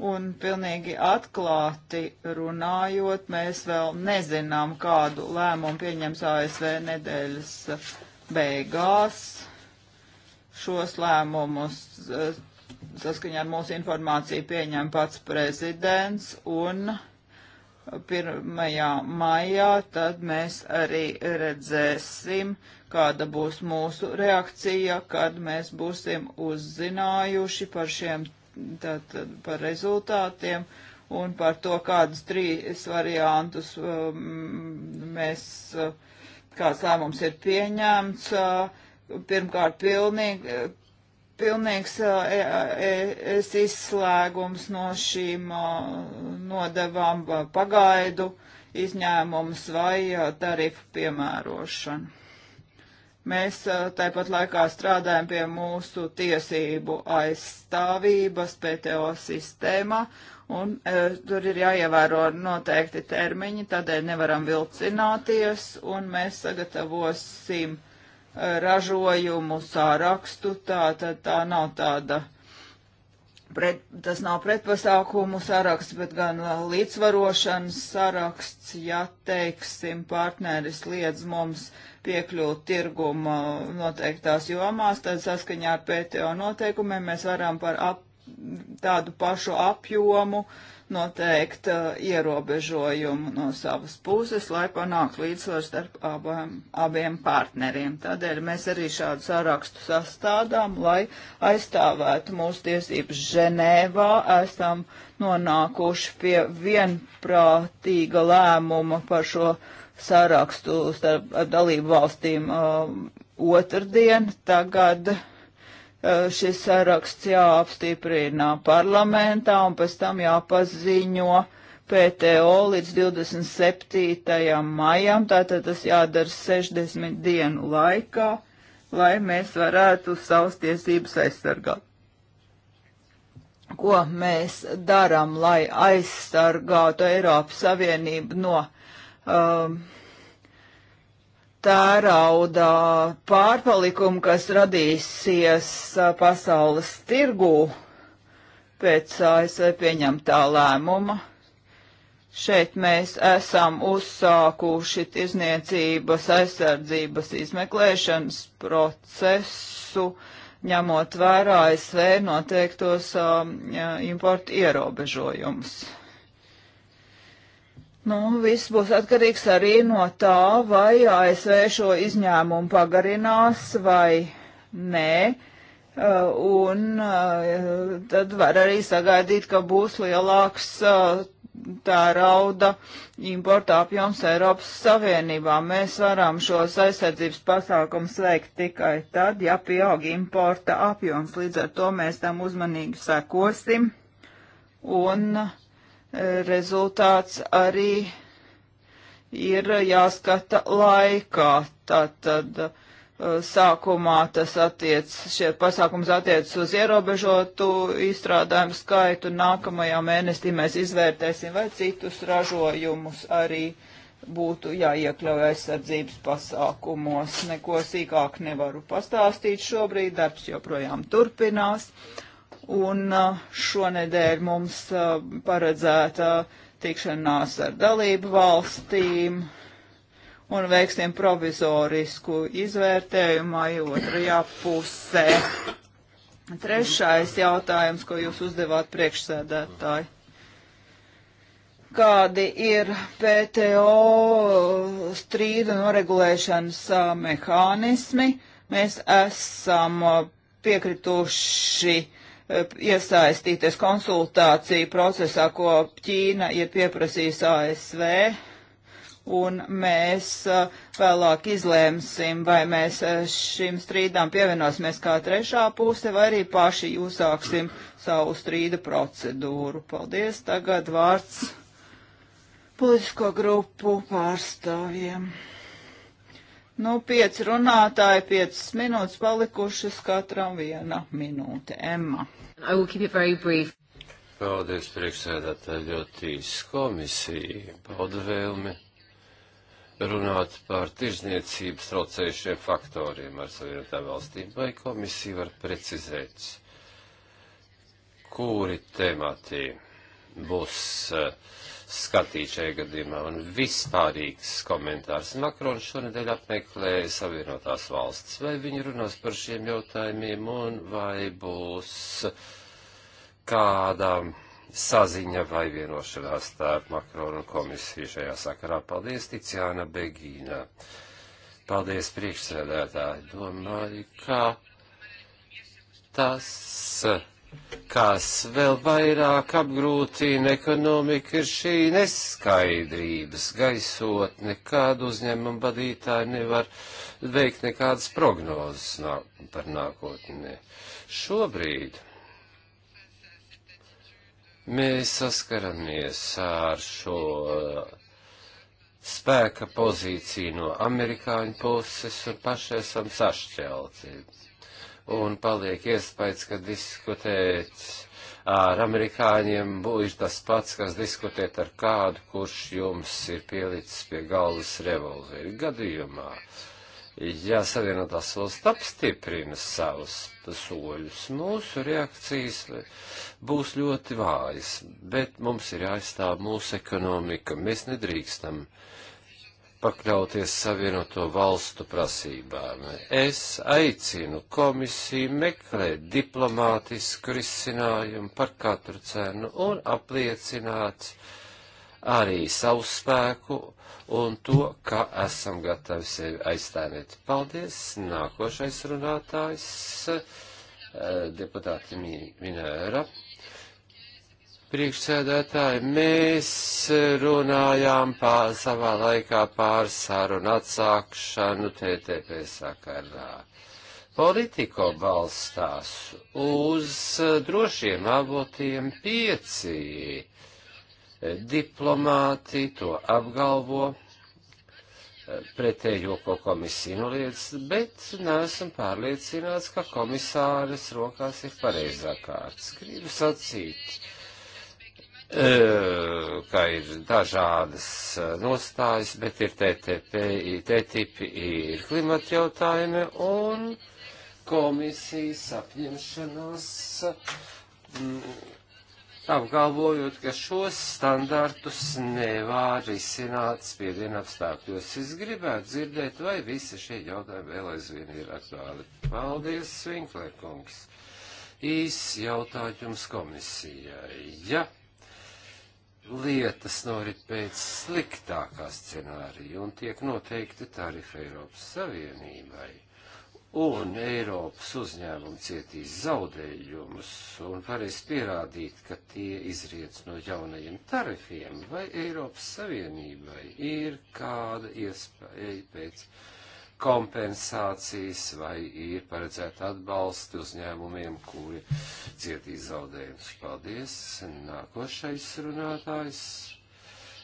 Un pilnīgi atklāti runājot, mēs vēl nezinām, kādu lēmumu pieņems ASV nedēļas beigās. Šos lēmumus eh, saskaņā ar mūsu informāciju pieņem pats prezidents un 1. maijā tad mēs arī redzēsim, kāda būs mūsu reakcija, kad mēs būsim uzzinājuši par šiem tātad par rezultātiem un par to, kādus trīs variantus um, mēs, uh, kāds lēmums ir pieņemts. Uh, pirmkārt, pilnīgi, pilnīgs uh, e, e, es izslēgums no šīm nodevām pagaidu izņēmums vai tarifu piemērošana. Mēs tāpat laikā strādājam pie mūsu tiesību aizstāvības PTO sistēmā, un tur ir jāievēro noteikti termiņi, tādēļ nevaram vilcināties, un mēs sagatavosim ražojumu sārakstu, tā, tā, tā nav tāda pret, tas nav pretpasākumu saraksts, bet gan līdzvarošanas saraksts, ja, teiksim, partneris liedz mums piekļūt tirguma noteiktās jomās, tad saskaņā ar PTO noteikumiem mēs varam par ap, tādu pašu apjomu noteikt uh, ierobežojumu no savas puses, lai panāktu līdzsvaru starp abām, abiem partneriem. Tādēļ mēs arī šādu sarakstu sastādām, lai aizstāvētu mūsu tiesības Ženēvā. Esam nonākuši pie vienprātīga lēmuma par šo sarakstu starp dalību valstīm uh, otrdien. Tagad uh, šis saraksts jāapstiprina parlamentā un pēc tam jāpaziņo. PTO līdz 27. maijam, tātad tas jādara 60 dienu laikā, lai mēs varētu savas tiesības aizsargāt. Ko mēs darām, lai aizsargātu Eiropas Savienību no um, tērauda pārpalikumu, kas radīsies uh, pasaules tirgū pēc ASV pieņemtā lēmuma. Šeit mēs esam uzsākuši tirzniecības aizsardzības izmeklēšanas procesu, ņemot vērā ASV noteiktos um, importu ierobežojumus. Nu, viss būs atkarīgs arī no tā, vai ASV šo izņēmumu pagarinās vai nē. Uh, un uh, tad var arī sagaidīt, ka būs lielāks uh, tā rauda importa apjoms Eiropas Savienībā. Mēs varam šos aizsardzības pasākums veikt tikai tad, ja pieaug importa apjoms. Līdz ar to mēs tam uzmanīgi sekosim. Un uh, rezultāts arī ir jāskata laikā. Tātad uh, sākumā tas attiec, šie pasākums attiec uz ierobežotu izstrādājumu skaitu. Nākamajā mēnesī mēs izvērtēsim, vai citus ražojumus arī būtu jāiekļauj aizsardzības pasākumos. Neko sīkāk nevaru pastāstīt šobrīd, darbs joprojām turpinās. Uh, un uh, šonedēļ mums uh, paredzēta tikšanās ar dalību valstīm un veiksim provizorisku izvērtējumu jau otrajā pusē. Trešais jautājums, ko jūs uzdevāt priekšsēdētāji. Kādi ir PTO strīdu noregulēšanas uh, mehānismi? Mēs esam piekrituši uh, iesaistīties konsultāciju procesā, ko Ķīna ir pieprasījusi ASV. Un mēs vēlāk izlēmsim, vai mēs šim strīdām pievienosimies kā trešā puse, vai arī paši uzsāksim savu strīda procedūru. Paldies! Tagad vārds politisko grupu pārstāvjiem. Nu, pieci runātāji, piecas minūtes palikušas katram viena minūte. Emma. Paldies, priekšsēdētāji, ļoti īsa komisija. Pauda vēlmi runāt par tirzniecības traucējušiem faktoriem ar savienotām valstīm. Vai komisija var precizēt, kuri temati būs uh, skatīt šajā gadījumā. Un vispārīgs komentārs. Makrons šonadēļ apmeklēja Savienotās valsts. Vai viņi runās par šiem jautājumiem un vai būs kāda saziņa vai vienošanās starp Makronu komisiju šajā sakarā? Paldies, Ticiāna Begīna. Paldies, priekšsēdētāji. Domāju, ka tas kas vēl vairāk apgrūtina ekonomiku, ir šī neskaidrības gaisotne, kādu uzņēmumu vadītāji nevar veikt nekādas prognozes nā par nākotni. Šobrīd mēs saskaramies ar šo spēka pozīciju no amerikāņu puses un paši esam sašķelti un paliek iespējas, ka diskutēt ar amerikāņiem būs tas pats, kas diskutēt ar kādu, kurš jums ir pielicis pie galvas revolveri gadījumā. Ja Savienotās valsts apstiprina savus soļus, mūsu reakcijas būs ļoti vājas, bet mums ir jāizstāv mūsu ekonomika, mēs nedrīkstam uh, pakļauties savienoto valstu prasībām. Es aicinu komisiju meklēt diplomātisku risinājumu par katru cenu un apliecināt arī savu spēku un to, ka esam gatavi sevi aizstāvēt. Paldies! Nākošais runātājs eh, deputāti Minēra. Min Priekšsēdētāji, mēs runājām pār savā laikā pār sarunu atsākšanu TTP sakarā. Politiko balstās uz drošiem avotiem pieci. Diplomāti to apgalvo, pretējo, ko komisija noliedz, bet neesam pārliecināts, ka komisāres rokās ir pareizā kārtas. Gribu sacīt Eh, ka ir dažādas eh, nostājas, bet ir TTP, TTIP, ir klimata jautājumi un komisijas apņemšanās mm, apgalvojot, ka šos standartus nevar risināt spiediena apstākļos. Es gribētu dzirdēt, vai visi šie jautājumi vēl aizvien ir aktuāli. Paldies, Svinklēkungs! Īs jautājums komisijai. Ja lietas norit pēc sliktākā scenārija un tiek noteikti tarifi Eiropas Savienībai. Un Eiropas uzņēmumi cietīs zaudējumus un varēs pierādīt, ka tie izriec no jaunajiem tarifiem, vai Eiropas Savienībai ir kāda iespēja pēc kompensācijas vai ir paredzēta atbalsta uzņēmumiem, kuri cietīs zaudējumus. Paldies! Nākošais runātājs.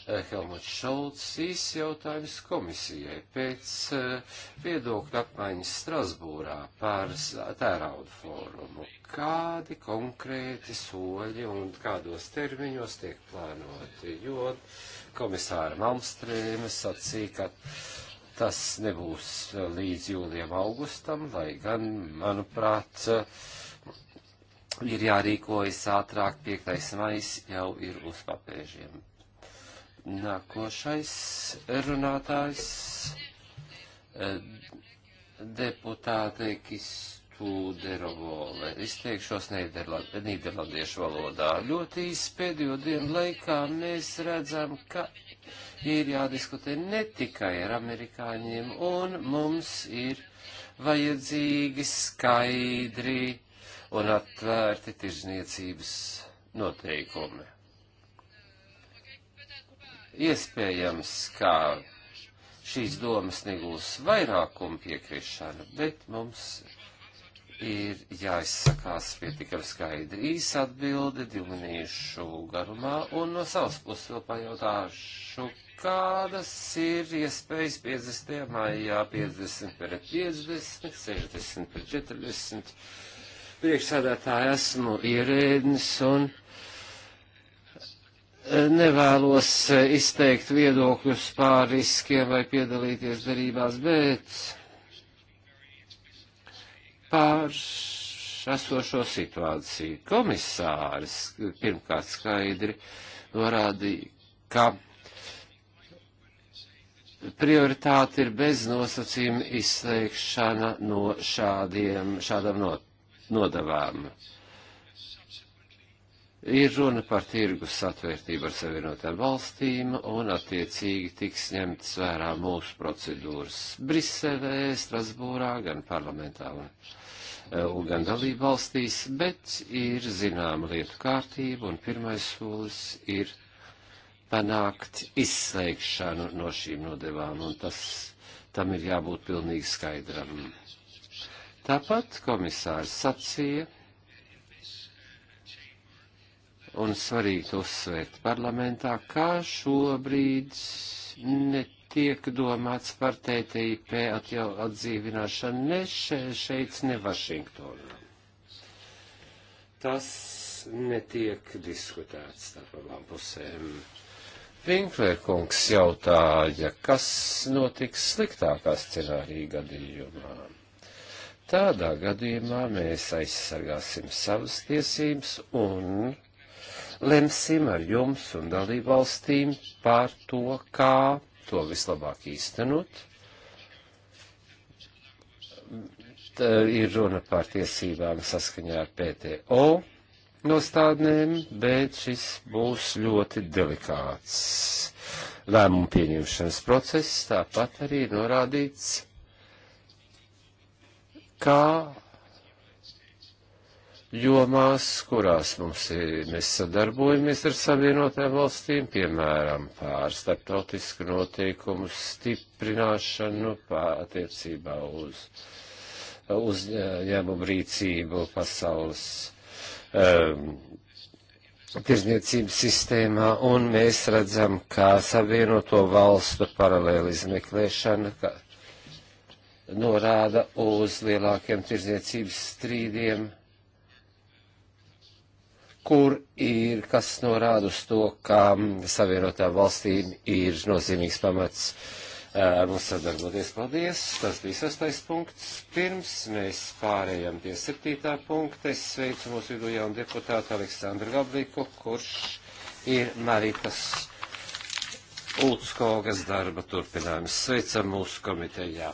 Eh, Helmuts Šolts īsi jautājums komisijai pēc eh, viedokļa apmaiņas Strasbūrā par tērauda fórumu. Kādi konkrēti soļi un kādos termiņos tiek plānoti? Jo komisāra Malmstrēma sacīja, ka Tas nebūs līdz jūlijam, augustam, lai gan, manuprāt, ir jārīkojas ātrāk, 5. maijs jau ir uz papēžiem. Nākošais runātājs eh, deputāte Kistu Derovole. Es teikšos nīderlandiešu valodā. Ļoti īsi pēdējo dienu laikā mēs redzam, ka ir jādiskutē ne tikai ar amerikāņiem, un mums ir vajadzīgi skaidri un atvērti tirzniecības noteikumi. Iespējams, ka šīs domas negūs vairākumu piekrišanu, bet mums ir jāizsakās pietiekami skaidri īsa atbilde divu minūšu garumā, un no savas puses vēl pajautāšu, kādas ir iespējas 50. maijā 50 pret 50, 60 pret 40. Priekšsādātāji esmu ierēdnis un e, nevēlos e, izteikt viedokļus pār riskiem vai piedalīties darībās, bet pār esošo situāciju. Komisāris pirmkārt skaidri norādīja, ka prioritāte ir beznosacījuma izslēgšana no šādiem, šādām no, nodavām. Ir runa par tirgus atvērtību ar savienotām valstīm un attiecīgi tiks ņemts vērā mūsu procedūras Briselē, Strasbūrā, gan parlamentā un, eh, un gan dalību valstīs, bet ir zināma lietu kārtība un pirmais solis ir panākt izslēgšanu no šīm nodevām, un tas, tam ir jābūt pilnīgi skaidram. Tāpat komisārs sacīja, un svarīgi to uzsvērt parlamentā, kā šobrīd netiek domāts par TTIP atdzīvināšanu ne šeit, ne Vašingtonā. Tas netiek diskutēts starp abām pusēm. Vinklērkungs jautāja, kas notiks sliktākā scenārija gadījumā. Tādā gadījumā mēs aizsargāsim savas tiesības un lemsim ar jums un dalību valstīm par to, kā to vislabāk īstenot. Tā ir runa par tiesībām saskaņā ar PTO nostādnēm, bet šis būs ļoti delikāts lēmumu pieņemšanas process. Tāpat arī ir norādīts, kā jomās, kurās mums ir, mēs sadarbojamies ar savienotām valstīm, piemēram, pār starptautisku noteikumu stiprināšanu, pār attiecībā uz uzņēmumu rīcību pasaules um, tirzniecības sistēmā, un mēs redzam, kā savienoto valstu paralēlis meklēšana norāda uz lielākiem tirzniecības strīdiem, kur ir, kas norāda uz to, kā savienotām valstīm ir nozīmīgs pamats uh, ar mums sadarboties. Paldies! Tas bija sastais punkts. Pirms mēs pārējām pie septītā punkta, es sveicu mūsu vidū jaunu deputātu Aleksandru Gabliku, kurš ir Maritas Ulfskogas darba turpinājums. Sveicam mūsu komitejā.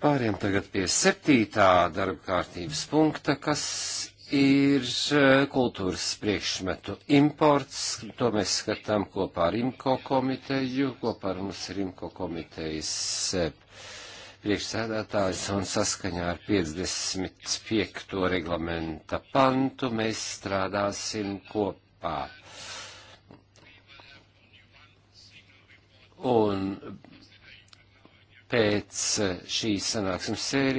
Pāriem tagad pie septītā darba kārtības punkta, kas ir eh, kultūras priekšmetu imports. To mēs skatām kopā ar IMCO komiteju, kopā ar mums ir IMCO komitejas eh, priekšsēdētājs un saskaņā ar 55. reglamenta pantu mēs strādāsim kopā. Un pēc eh, šīs sanāksmes sērijas.